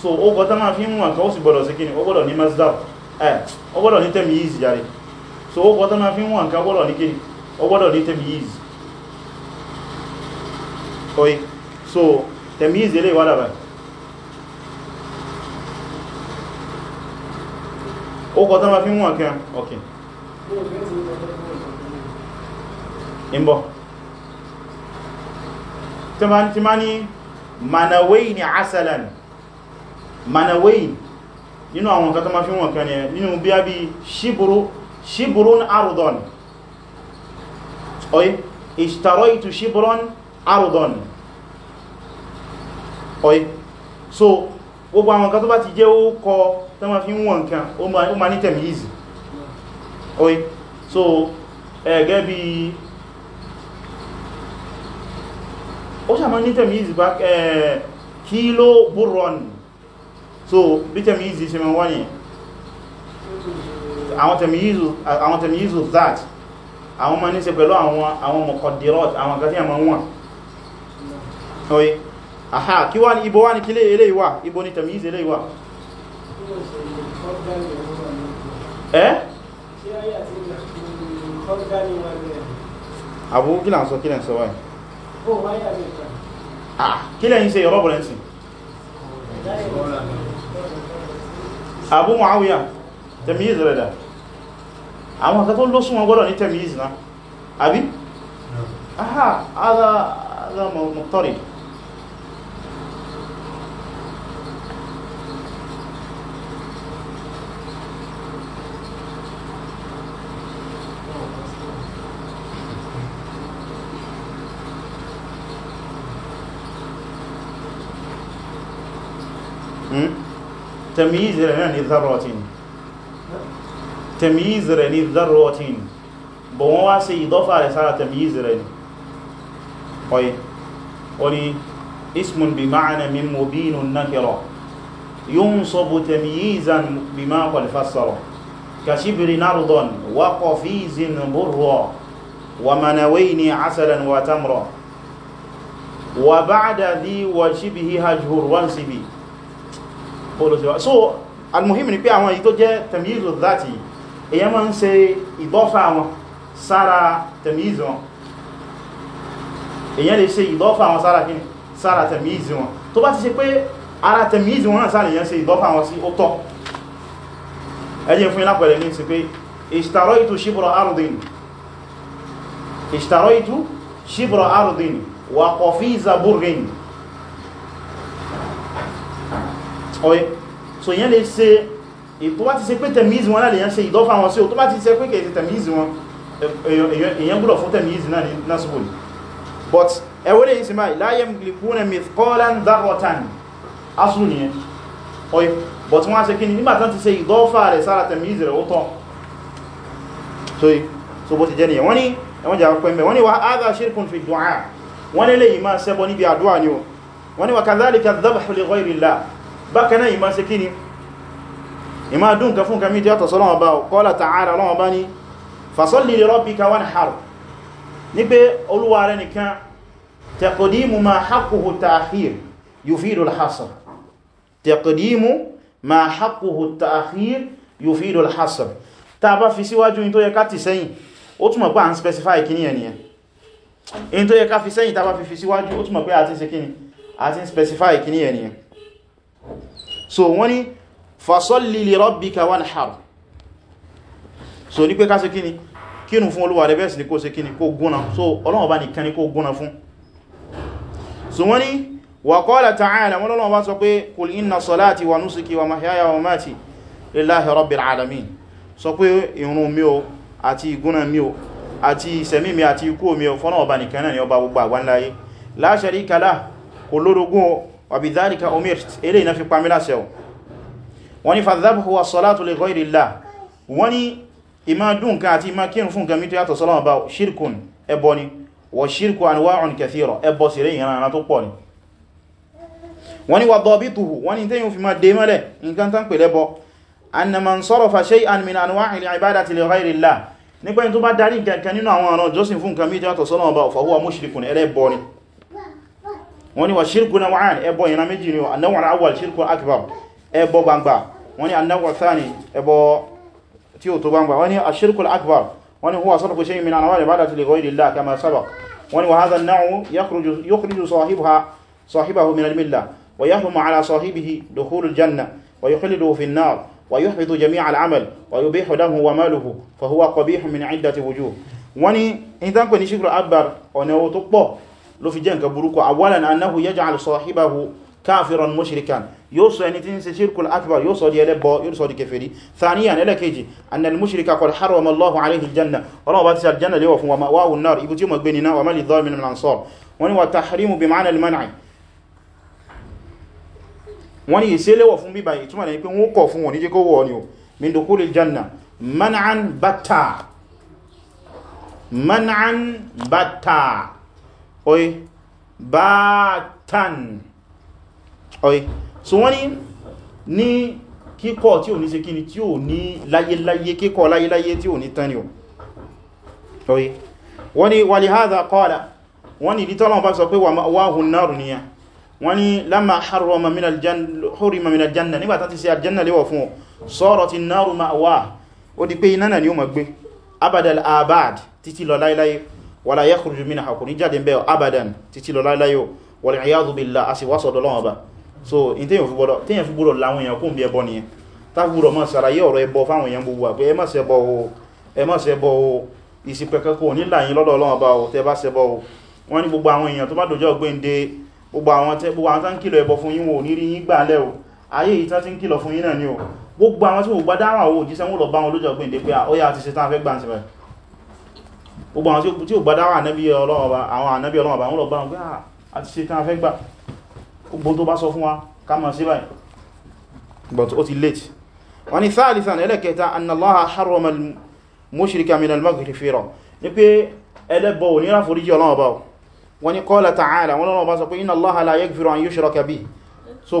so ọkọ̀ tó ma fi ń wọ̀n kan ó sì gbọ́dọ̀ sí kí ni ó gbọ́dọ̀ ní masdar ẹ̀ ó gbọ́dọ̀ ní tamyiz jàre so ọkọ̀ tó ma fi ń wọ̀n kan gbọ́dọ̀ ní kí ni ó gbọ́dọ̀ ní tamyiz ọ̀yí so tamyiz ilé ìwádàbà ó kọ tán ma fi ń wọ̀n kí ọkì ìbọ̀ tí ma ní manawai ni asalan manawai nínú àwọn nǹkan tó ma fi ń wọ̀n kí ni nínú bí a bí shiburun arudon oye tu shiburun arudon oye so gbogbo àwọn nǹkan tó bá ti jẹ́ ó kọ tó ma fi ń wọ̀n kan ó ma ní tẹ̀mí ìzì oye so ẹ̀gẹ́ bí ó sàmọ́ ní tẹ̀mí ìzì bá kílò búrọ̀nì so bí tẹ̀mí ìzì ṣe mọ̀ wáyẹ̀ àwọn tẹ̀mí ìzù that àwọn ma ní ṣe pẹ̀lú àwọn mọ̀kọ̀dìrọ̀t àwọn kàtí àmà wọn oye aha kí wá ní ibo wá ní kílé eléyìí wà ibo ẹ́ eh? àbú kí là sọ kí lẹ́ sọ wáyé kí lẹ́ ń ṣe yọ̀rọ̀ bọ̀rẹ̀ sí àbú Muawiya tẹ̀míyìz rẹ̀ dà àwọn akẹ́ tó lọ́sùn wọn gbọ́dọ̀ ní tẹ̀míyìz náà àbí? aha adha mọ̀tọ́rì تمييز يعني رهن الذراتين تمييز يعني رهن الذراتين بوما سي إضافة على سارة تمييز رهن وي وني اسم بمعنى من مبين النكرة ينصب تمييزا بما قد فسر كشبر نرضا وقفيز برا ومنوين عسلا وتمرا وبعد ذي وشبه هجه الرنسبي olóṣèwà so almuhim ni pé àwọn èyí tó jẹ́ tamizu dhati èyàn máa ń ṣe ìdọ́fà wọn sára tamizu wọn èyàn lè ṣe ìdọ́fà wọn sára kíni sára tamizu wọn tó bá ti ṣe pé ara tamizu wọn sára èyàn ṣe ìdọ́fà wọn sí ó tọ́ ẹjẹ́ fún ilápẹ̀lẹ̀ ní pé ishtaraitu shibra ardin ishtaraitu shibra ardin ọ̀rẹ́ so yẹn lè ṣe ètò bá ti ṣe pé tẹ̀míìzì wọn láàrín yẹn ṣe ìdọ́fà wọn sí o tó bá ti ṣe pé kẹ̀ẹ́sì tẹ̀míìzì wọn èyàn gbọ́dọ̀ fún tẹ̀míìzì náà lásìkò ní but ẹwọ́ lè yìí sí máa láyé mìlìkúnẹ̀ mìtkọ́lán dárọ̀tán asùn but wọ́n á ṣe kí ní nígbàtán ti ṣe ìdọ́fà rẹ̀ sára tẹ̀míìzì rẹ̀ ó tọ́ so bó ti jẹ́ nìyẹn wọ́n ni ẹwọ́n jà pẹ́ mẹ́ wọ́n ni wà ága ṣírkùn lè yìí máa ṣẹbọ níbi àdúrà ni o wọ́n ni wà kàzálì kàzàbà lè gọ́ ìrìlá bákanáà ìmá ṣe kí ni ìmá dùn kan fún kàmí tí yàtọ̀ sọ́lọ́wọ́ bá qala ta'ala lọ́wọ́ bá ní fasalli li rabbika wanhar ní pé olúwa rẹ̀ nìkan taqdimu ma haqquhu ta'khir yufidu al-hasr taqdimu ma haqquhu ta'khir yufidu al-hasr ta bá fi síwájú in tó yẹ ká ti sẹ́yìn ó túnmọ̀ pé à ń specify kíní ẹ̀ nìyẹn in tó yẹ ká fi sẹ́yìn ta fi fi síwájú ó túnmọ̀ pé a ti ṣe kíní a ti ń specify kíní ẹ̀ nìyẹn so wọ́n ni fasalli li rabbika wanhar so ní pé ká ṣe kíni kínú fún olúwa rẹ̀ bẹ́ẹ̀ sì ni kó ṣe kíni kó gúnna so ọlọ́wọ́ bá nìkan ni kó gúnna fún so wọ́n ni wa qala ta'ala wọ́n lọ́wọ́ bá sọ pé kul inna salati wa nusuki wa mahyaya wa mamati kò lórogún wàbìdáríkà omirt ilé iná fi pàmílá sẹ́wọ̀ wọ́n ni fàdábùkú wa sọ́látù lè gọ́ ìrìlá wọ́n ni ìmá dùnkan àti ìmá kírùn fún nǹkan mítí yàtọ̀ sọ́lọ́wọ́ bá ṣírkùn ẹbọ ni wọ ṣírkù anwa'un kathira ẹbọ sí rẹ̀ ìran tó pọ̀ ni wọ́n ni wà dhabituhu wọ́n ni tẹ́yìn fi máa dé mẹ́lẹ̀ nǹkan tán pè ni wọ́n ní wà ṣírkù na wọ́n ẹbọ ìran méjì ni annáwọ̀ awwal ṣírkù akbar ẹbọ gbangba wọ́n ní annáwọ̀ thani ẹbọ tí ó tó gbangba wọ́n ní a ṣírkù akbar wọ́n ní huwa sarfu shay'in min anwa'il ibadati li ghayri llah kama sabaq wọ́n ní wa hadha an-naw'u yakhruju yukhriju sahibaha sahibahu min al-millah wa yahrumu ala sahibihi dukhul al-janna wa yukhliduhu fi an-nar wa in tan ni shirku akbar ọ̀nà ó tó pọ̀ ló fi jẹ́ nǹkan burúkú awalan annahu yaj'al sahibahu káàfiran mushrikan yóò sọ ẹni tí ń ṣe shirkul akbar yóò sọ di ẹlẹ́bọ yóò sọ di kèfèrí thaniyan ẹlẹ́kejì annal mushrika qad harrama allahu alayhi aljanna ọlọ́wọ́ bá ti sàr janna léwọ̀ fún wa wáwùn náà ibi tí ó mọ̀ gbé nínú wa mali dhalimin min ansar wọ́n ni wa tahrimu bi ma'ana batta oye bátan oye so wọ́n ni ní kíkọ́ tí ò ní ṣe kíni tí ò ní láyéláyé kíkọ́ láyéláyé tí ò ní tán ni oye wọ́n ni wà lè hádà kọ́ọ̀dá wọ́n ni ìdítọ́lọ́ bá sọ pé wà wáhùn náà nìyà wọ́n ni lámà harrama min aljanna nígbàtá ti ṣe aljanna léwọ̀ fún ọ sọ́rọ̀ ti náà ma wà ó wala yakhruju minha kò ní jáde bẹ́ẹ̀ abadan títí lọ láíláyò wal iyadhu billah a sì wásọ̀dọ̀ lọ́wọ́ bá so in téyàn fi gbọ́dọ̀ láwọn èèyàn kún bí ẹbọ nìyẹn tágbùrọ̀ mọ́ sàrayé ọ̀rọ̀ ẹbọ fáwọn èèyàn gbogbo àpé ẹ má ṣẹbọ o ẹ má ṣẹbọ o ìsìpẹ̀kẹ́kọ́ níláyìn lọ́dọ̀ Ọlọ́run bá o tẹ bá ṣẹbọ o wọ́n ní gbogbo àwọn èèyàn tó bá dọjọ́ gbéǹde gbogbo àwọn tán kìlọ̀ ẹbọ fún yín wò ní gbogbo àwọn tí ó gbádá àwọn ànábí Ọlọ́run bá wọ́n lọ bá wọn pé ah, a ti ṣe tán fẹ́ gbà gbogbo tó bá sọ fún wa ká má ṣe báyìí but ó ti late wọ́n ni thalithan ẹlẹ́kẹta annallaha harrama mushrika min al-maghfira ní pé ẹlẹ́bọ̀ ò ní ráforíjì Ọlọ́run bá wọ́n ni qala ta'ala wọ́n lọ́wọ́ bá sọ pé inna allaha la yaghfiru an yushraka bihi so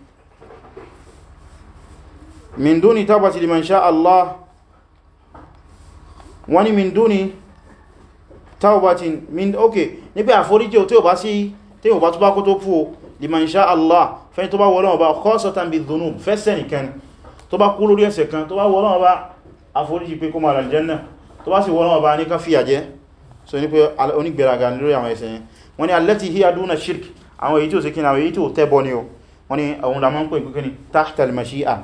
min duni tabbati liman sha Allah wani min duni taubati min ok ní pé àforíjì o tí o bá sí tí o bá tó bá kó tó fún o liman sha Allah fẹ́ tó bá wọ́lọ́wọ́ bá kọ́sọ̀tàn bí dhunub fẹ́sẹ̀ nìkan tó bá kú lórí ẹ̀ṣẹ̀ kan tó bá wọ́lọ́wọ́ bá àforíjì pé kó mara aljanna tó bá sì wọ́lọ́wọ́ bá ní ká fìyà jẹ so ní pé onígbèraga lórí àwọn ẹ̀ṣẹ̀ yẹn wọ́n ni allati hiya duna shirk àwọn èyí tí ó sì kí ni àwọn èyí tí o wọ́n ni àwọn ìlàmọ́ ń pè ni tahtal mashi'a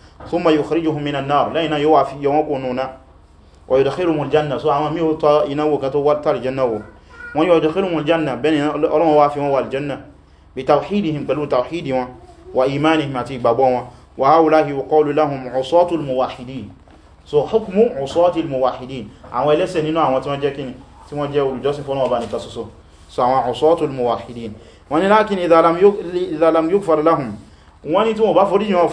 thumma yukhrijuhum minan nar lẹ́yìn náà yóò wà fi yọ wọn kò nuna wa yudkhiluhum aljanna so àwọn míì ó tọ́ iná wò kan tó wà tàrí janna wò wọ́n yóò yudkhiluhum aljanna bẹ́ni ọlọ́wọ́ wá fi wọn wà aljanna bi tawhidihim pẹ̀lú tawhidi wọn wa imanihim àti ìgbàgbọ́ wọn wa haulahi yuqalu lahum usatul muwahhidin so hukmu usatil muwahhidin àwọn ẹlẹ́ṣẹ̀ nínú àwọn tí wọ́n jẹ́ kíni tí wọ́n jẹ́ olùjọ́sìn fọ́nà ọba nìkan ṣoṣo so àwọn usatul muwahhidin wọ́n ni lakin idha lam yughfar lahum wọ́n ní tí wọ́n bá foríjì wọn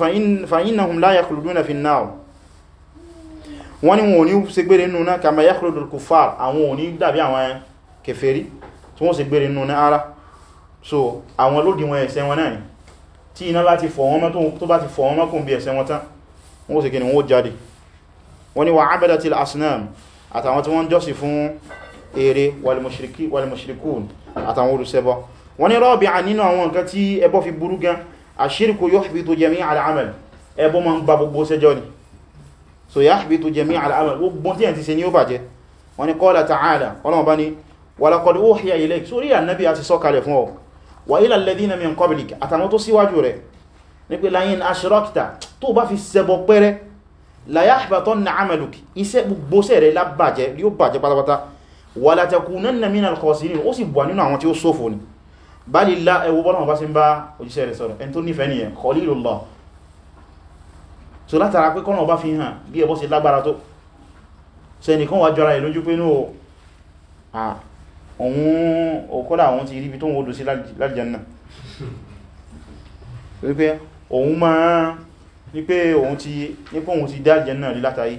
fa'innahum la yakhluduna fi an-nar wọ́n ní wọn ò ní ṣe gbére nínú náà kama yakhludul kuffar àwọn ò ní dàbí àwọn kèfèrí tí wọ́n ṣe gbére nínú náà ara so àwọn lòdì wọn ẹ̀ṣẹ̀ wọn náà ni tí iná bá ti fọ̀ wọ́n mọ́ tó bá ti fọ̀ wọ́n mọ́kùn bí ẹ̀ṣẹ̀ ashirku yuhbitu jami' al-amal ẹbọ ma ń gba gbogbo sẹjọ́ ni so yuhbitu jami' al-amal gbogbo tí yẹn ti ṣe ní ó bàjẹ́ wọ́n ni qala ta'ala ọlọ́wọ́ bá ní wa laqad uhiya ilayk sórí ànábì a ti sọ kalẹ̀ fún ọ wa ila alladhina min qablik àtàwọn tó síwájú rẹ̀ ní pé la in ashrakta tó bálìlá ẹwọ bọ́nà bá sí ń bá òjíṣẹ́ rẹ̀ sọ̀rọ̀ ẹni tó nífẹ̀ẹ́ nìyẹn Khalilullah so látara pé kọ́nà bá fi hàn bí ẹbọ́ sí lágbára tó so ẹnìkan wà jọra ìlójú pé náà àwọn òkọ́lá àwọn ti ríbi tó ń wòdó sí lálìjánà wípé òun máa wípé òun ti nípò òun ti dálìjánà rí látàrí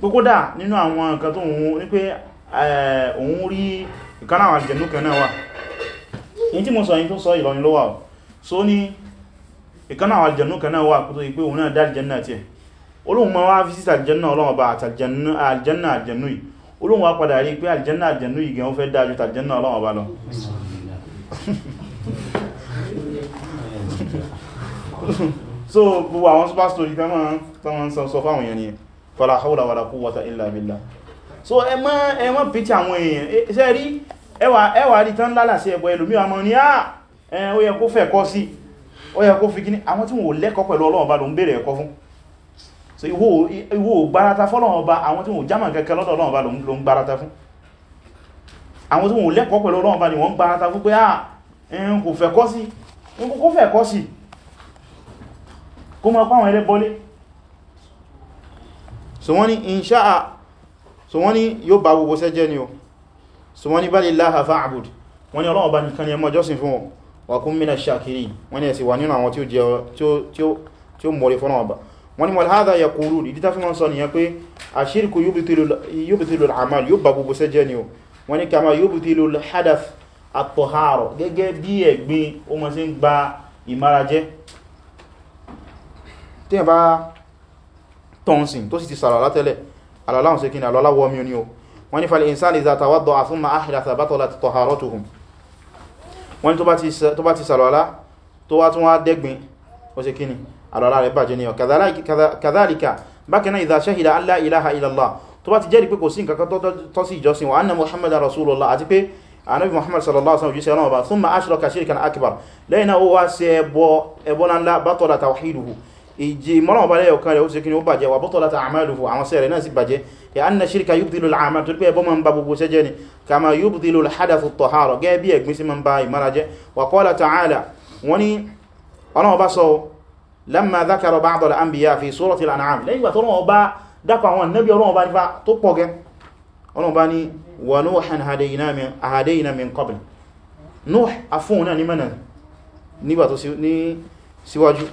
pé kan náà wà èyí tí mo sọ yìí tó sọ Ìlọrin ló wà ọ̀ so ní ìkaná àwọn aljannu kan náà wà kó tó ipé òun náà dá aljanna tí ẹ̀ olóhun ma wá fi síta aljanna ọlọ́wọ́ bá àtàljanna aljannu yìí olóhun wá padà rí pé aljanna aljannu yìí so gbogbo àwọn super story tán máa ń sọ fáwọn èèyàn ni fala hawla wala quwwata so ẹ má pìtì àwọn ẹwà ẹwà rí tán lálà sí ẹgbọ́ ẹlòmí àmọ́ ní àà ẹn ó yẹ kó fẹ́ kọ́ sí ó yẹ kó fi kíní àwọn tí wọ́n lẹ́kọ́ pẹ̀lú Ọlọ́run Ọba ló ń bèèrè ẹ̀kọ́ fún so ìwọ gbárata fọ́lọ́run Ọba àwọn tí wọ́n jámà kẹ́kẹ́ lọ́dọ̀ Ọlọ́run Ọba ló ń gbárata fún àwọn tí wọ́n lẹ́kọ́ pẹ̀lú Ọlọ́run Ọba ni wọ́n gbárata fún pé àà ẹn kò fẹ́ kọ́ sí kó fẹ́ kọ́ sí kó mọ́ pàwọn ẹlẹ́bọ́lé so wọ́n ni inṣáà so yóò bá gbogbo sẹ́jẹ́ ni o so wọ́n ni bá lè láha fa'abud wọ́n ni ọlọ́wọ́ bá nìkan ni ẹmọ jọ́sìn fún wọn wà kún mina shakiri wọ́n ni ẹ̀sì wà nínú àwọn tí ó mọ̀rẹ̀ fọ́nà ọba wọ́n ni wàlhádà ya kúrú ìdí tafi wọ́n sọ nìyàn pé ashirku yubtilu amal yóò bá gbogbo sẹ́jẹ́ ni o wọ́n ni kama yubtilu hadath at-tahara wọ́n ní fal insan iza tawadda'a thumma ahdatha batalat taharatuhum wọ́n ní tó bá ti sàlọ́lá tó wá tún wá dẹ́gbìn ó ṣe kíni àlọ́lá rẹ̀ bàjẹ́ ni ọ̀ kadhalika bákaná iza shahida an la tó bá ti ìjì mọ́lá ọba lẹ́yọ̀ kan rẹ̀ ó sì kí ni ó bàjẹ́ wà bọ́tọ̀ láta àmàlùfò àwọn sẹ́rẹ̀ náà sì bàjẹ́ ya anna shirka yubdilu al'amal tó pé ẹbọ́ ma ń ba gbogbo sẹ́jẹ́ ni kama yubdilu al-hadathu at-tahara gẹ́ bí ẹ̀gbin sí ma ń ba ìmára jẹ́ wa qala ta'ala wani ọlọ́wọ́ bá sọ lamma dhakara ba'd al-anbiya fi gẹ́ ọlọ́wọ́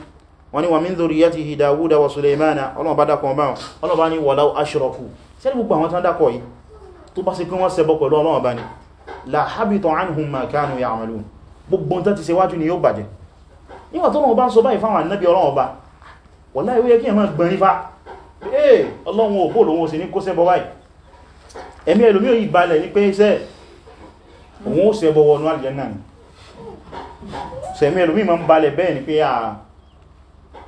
wọ́n ni wa min dhurriyyatihi Dawuda wa Sulaymana ọlọ́run bá dákọ̀ bá wọn ọlọ́run bá ní walau ashraku sẹ́lẹ̀ gbogbo àwọn tán dákọ̀ yìí tó bá ṣe pé wọ́n ṣẹbọ pẹ̀lú ọlọ́run bá ní la habita anhum ma kanu ya'malun gbogbo tán ti ṣe wájú ni yóò bàjẹ́ nígbà tó bá ń sọ báyìí fáwọn annabi ọlọ́run bá wọ́lá ìwé yẹ kí ẹ̀mọ́ gbọ́n rífà ee ọlọ́run òbó ẹ̀mí ẹlòmí ma ń balẹ̀ bẹ́ẹ̀ ni pé àà ah,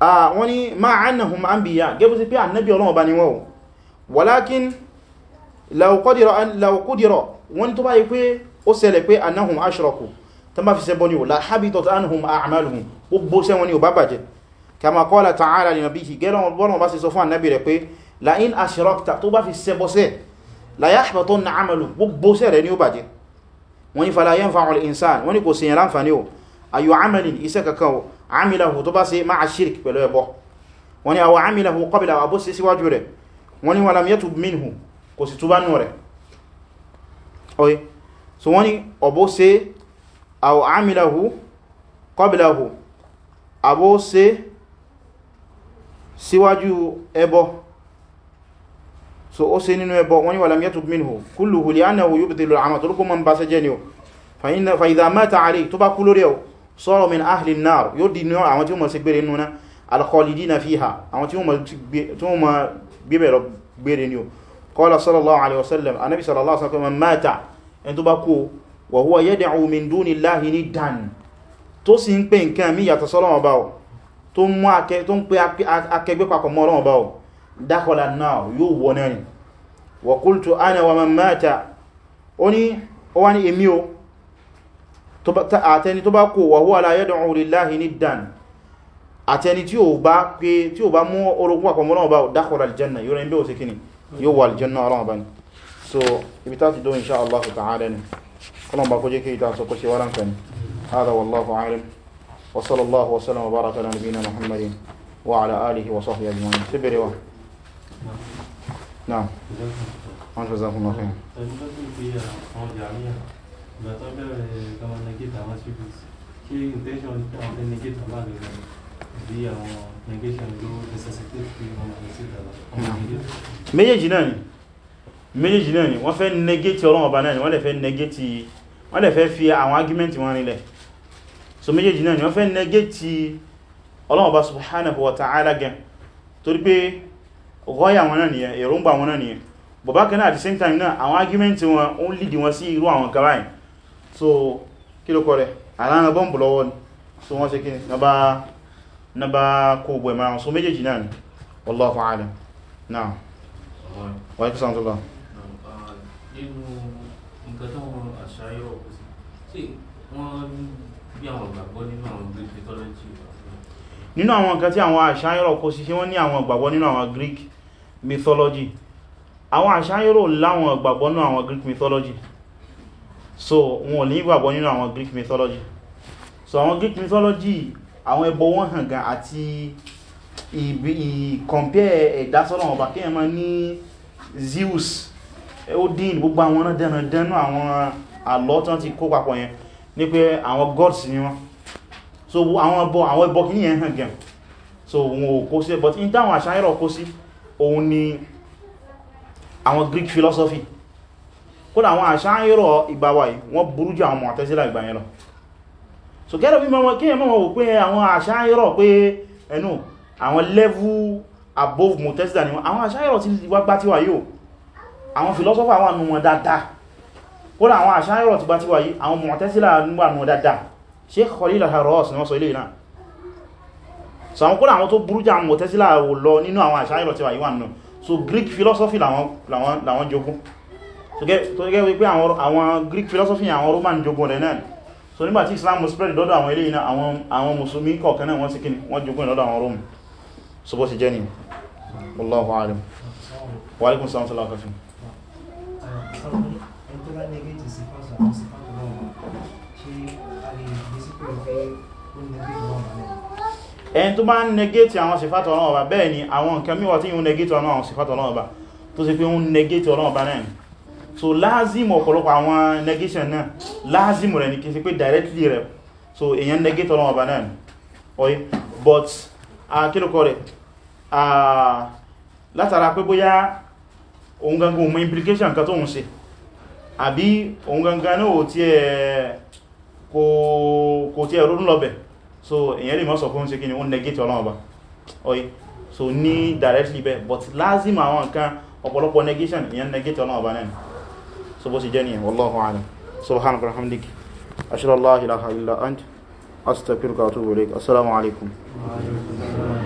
Ah, wọ́n ni ma annahum anbiya gẹ́bù sí pé annabi Ọlọ́run bá ni wọ́n walakin law wọ́n tó bá yí pé ó ṣẹlẹ̀ pé annahum ashraku tó bá fi ṣẹbọ ni la habitat anhum a'maluhum gbogbo ṣẹ́ wọn ni ò bá bàjẹ́ kama qala ta'ala li nabiyhi gẹ́lọ́wọ́n bá amilahu tó bá ṣe máa shirk pẹ̀lú ẹbọ wọ́n ni àwọn amilahu qabla àwà bó ṣe síwájú rẹ̀ wọ́n ni walam yatub minhu kò sì túbá nù rẹ̀ oye so wọ́n ni ọbó ṣe àwọn amilahu qablahu àbó ṣe síwájú ẹbọ so ó ṣe nínú ẹbọ wọ́n ni walam yatub minhu kulluhu li'annahu yubdilu al-amal tó lókó mọ́ sọ́rọ̀ min ahli an-nar yóò di náà àwọn tí ó mọ̀ sí gbére núna al-khalidina fiha àwọn tí ó mọ̀ gbébẹ̀ lọ gbére ni o qala sallallahu alaihi wasallam anabi sallallahu alaihi wasallam mata ẹni tó bá kú wa huwa yad'u min dunillahi niddan tó sì ń pè nǹkan mí yàtọ̀ sọ́lọ́wọ́ bá o tó ń ni wa o àtẹni tó bá kò wàhú aláyẹ́dùn lillahi niddan àtẹni tí ó bá pé tí ó bá mú orogún àpamọ́ náà bá dákọ̀ọ́lá aljanna yóò rẹ̀ ń bẹ́ òsì kìíní yóò wà aljanna ọlọ́run bá ní so ibi tá ti dó insha Allah ta'ala ni ọlọ́run bá kó jẹ́ kí ìta sọ kó ṣe wárán kan hada wallahu a'lam wa sallallahu wa sallam wa baraka ala nabiyina ìgbà tó bẹ̀rẹ̀ káwọn negate àwọn attributes ṣé intention táwọn fẹ́ negate àwọn àgbẹ̀ rẹ̀ bí àwọn negation ló necessitate pé wọ́n máa sí ìdàlá méjèèjì náà ni méjèèjì náà ni wọ́n fẹ́ negate ọlọ́run ọba náà ni wọ́n lè fẹ́ negate wọ́n lè fẹ́ fi àwọn argument wọn rinlẹ̀ so méjèèjì náà ni wọ́n fẹ́ negate ọlọ́run ọba subhanahu wa ta'ala gan torí pé gọ́yà wọn náà nìyẹn èròǹgbà wọn náà nìyẹn so kí ló kọ rẹ̀ àlànà bọ́m̀bù ni so wọ́n ṣe kí ni na bá kó gbọ́ ìmọ̀ àwọn so méjèèjì náà ni wallahu a'lam náà wáyé kí sáńtọ́lá nínú nǹkan tó wọn àṣàyọ̀ òkú sí tí wọ́n bí àwọn ìgbàgbọ́ nínú àwọn Greek mythology nínú àwọn nǹkan tí àwọn àṣàyọ̀ òkú sí wọ́n ní àwọn ìgbàgbọ́ nínú àwọn Greek mythology àwọn àṣàyọ̀ láwọn ìgbàgbọ́ nínú àwọn Greek mythology so wọn ò ní ìgbàgbọ́ nínú àwọn Greek mythology so àwọn Greek mythology àwọn ẹbọ wọn hàn gan àti ìkọ̀mpẹ́ ẹ̀dá sọ́lọ̀ ọba kí ẹ ma ní Zeus Odin gbogbo àwọn náà dẹ̀nà dẹ̀nà àwọn àlọ́ tán ti kó papọ̀ yẹn ní pé àwọn gods ni wọ́n so àwọn ẹbọ àwọn ẹbọ kì yẹn hàn gan so wọn ò kó sí but in táwọn àṣáyẹ̀rọ̀ kó sí òun ni àwọn Greek philosophy kódà àwọn àṣáyírọ̀ ìgbàwà yìí wọ́n burú jù àwọn Mu'tazila ìgbà lọ so gẹ́rọ bí mọ́mọ́ kíyẹ mọ́mọ́ wò pé àwọn àṣáyírọ̀ pé ẹnu àwọn level above Mu'tazila ni àwọn àṣáyírọ̀ ti wá gbá tíwà yóò àwọn philosopher wà nù wọn dáadáa kódà àwọn àṣáyírọ̀ ti gbá tíwà yìí àwọn Mu'tazila wà wà nù so Greek tó gẹ́ wípé àwọn Greek philosophy àwọn Roman jogun rẹ̀ náà so nígbàtí Islam spread lọ́dọ̀ àwọn ilé iná àwọn Mùsùlùmí kọ̀ọ̀kan náà wọ́n sí kíni wọ́n jogun lọ́dọ̀ àwọn Rome so bó sì jẹ́ ni wallahu wa alaikum salam salam kafin ẹni tó bá ń negate àwọn sífàtọ̀ Ọlọ́run Ọba bẹ́ẹ̀ ni àwọn nǹkan míwọ̀ tí yíò negate àwọn sífàtọ̀ Ọlọ́run Ọba tó sì pé ń negate Ọlọ́run náà so láàzìmù ọ̀pọ̀lọpọ̀ àwọn negation náà láàzìmù rẹ̀ ní kìí sí pé directly rẹ̀ so èyàn negate ọlọ́wọ̀ bá náà oye but kílùkọ́ rẹ̀ látara pé bóyá ohun gangan mú implication kan tó ń ṣe àbí ohun gangan náà tí ẹ kò tí ẹ rún lọ́bẹ̀ so èyàn lè mọ́ sọ fún ṣe kí ni ó negate ọlọ́wọ̀ bá oye so ní directly bẹ́ẹ̀ but láàzìmù àwọn nǹkan ọ̀pọ̀lọpọ̀ negation ìyẹn negate ọlọ́wọ̀ bá náà سبو سجنية والله أعلم سبحانك وحمدك أشهد الله إله إلا أنت أستغفرك وأتوب إليك السلام عليكم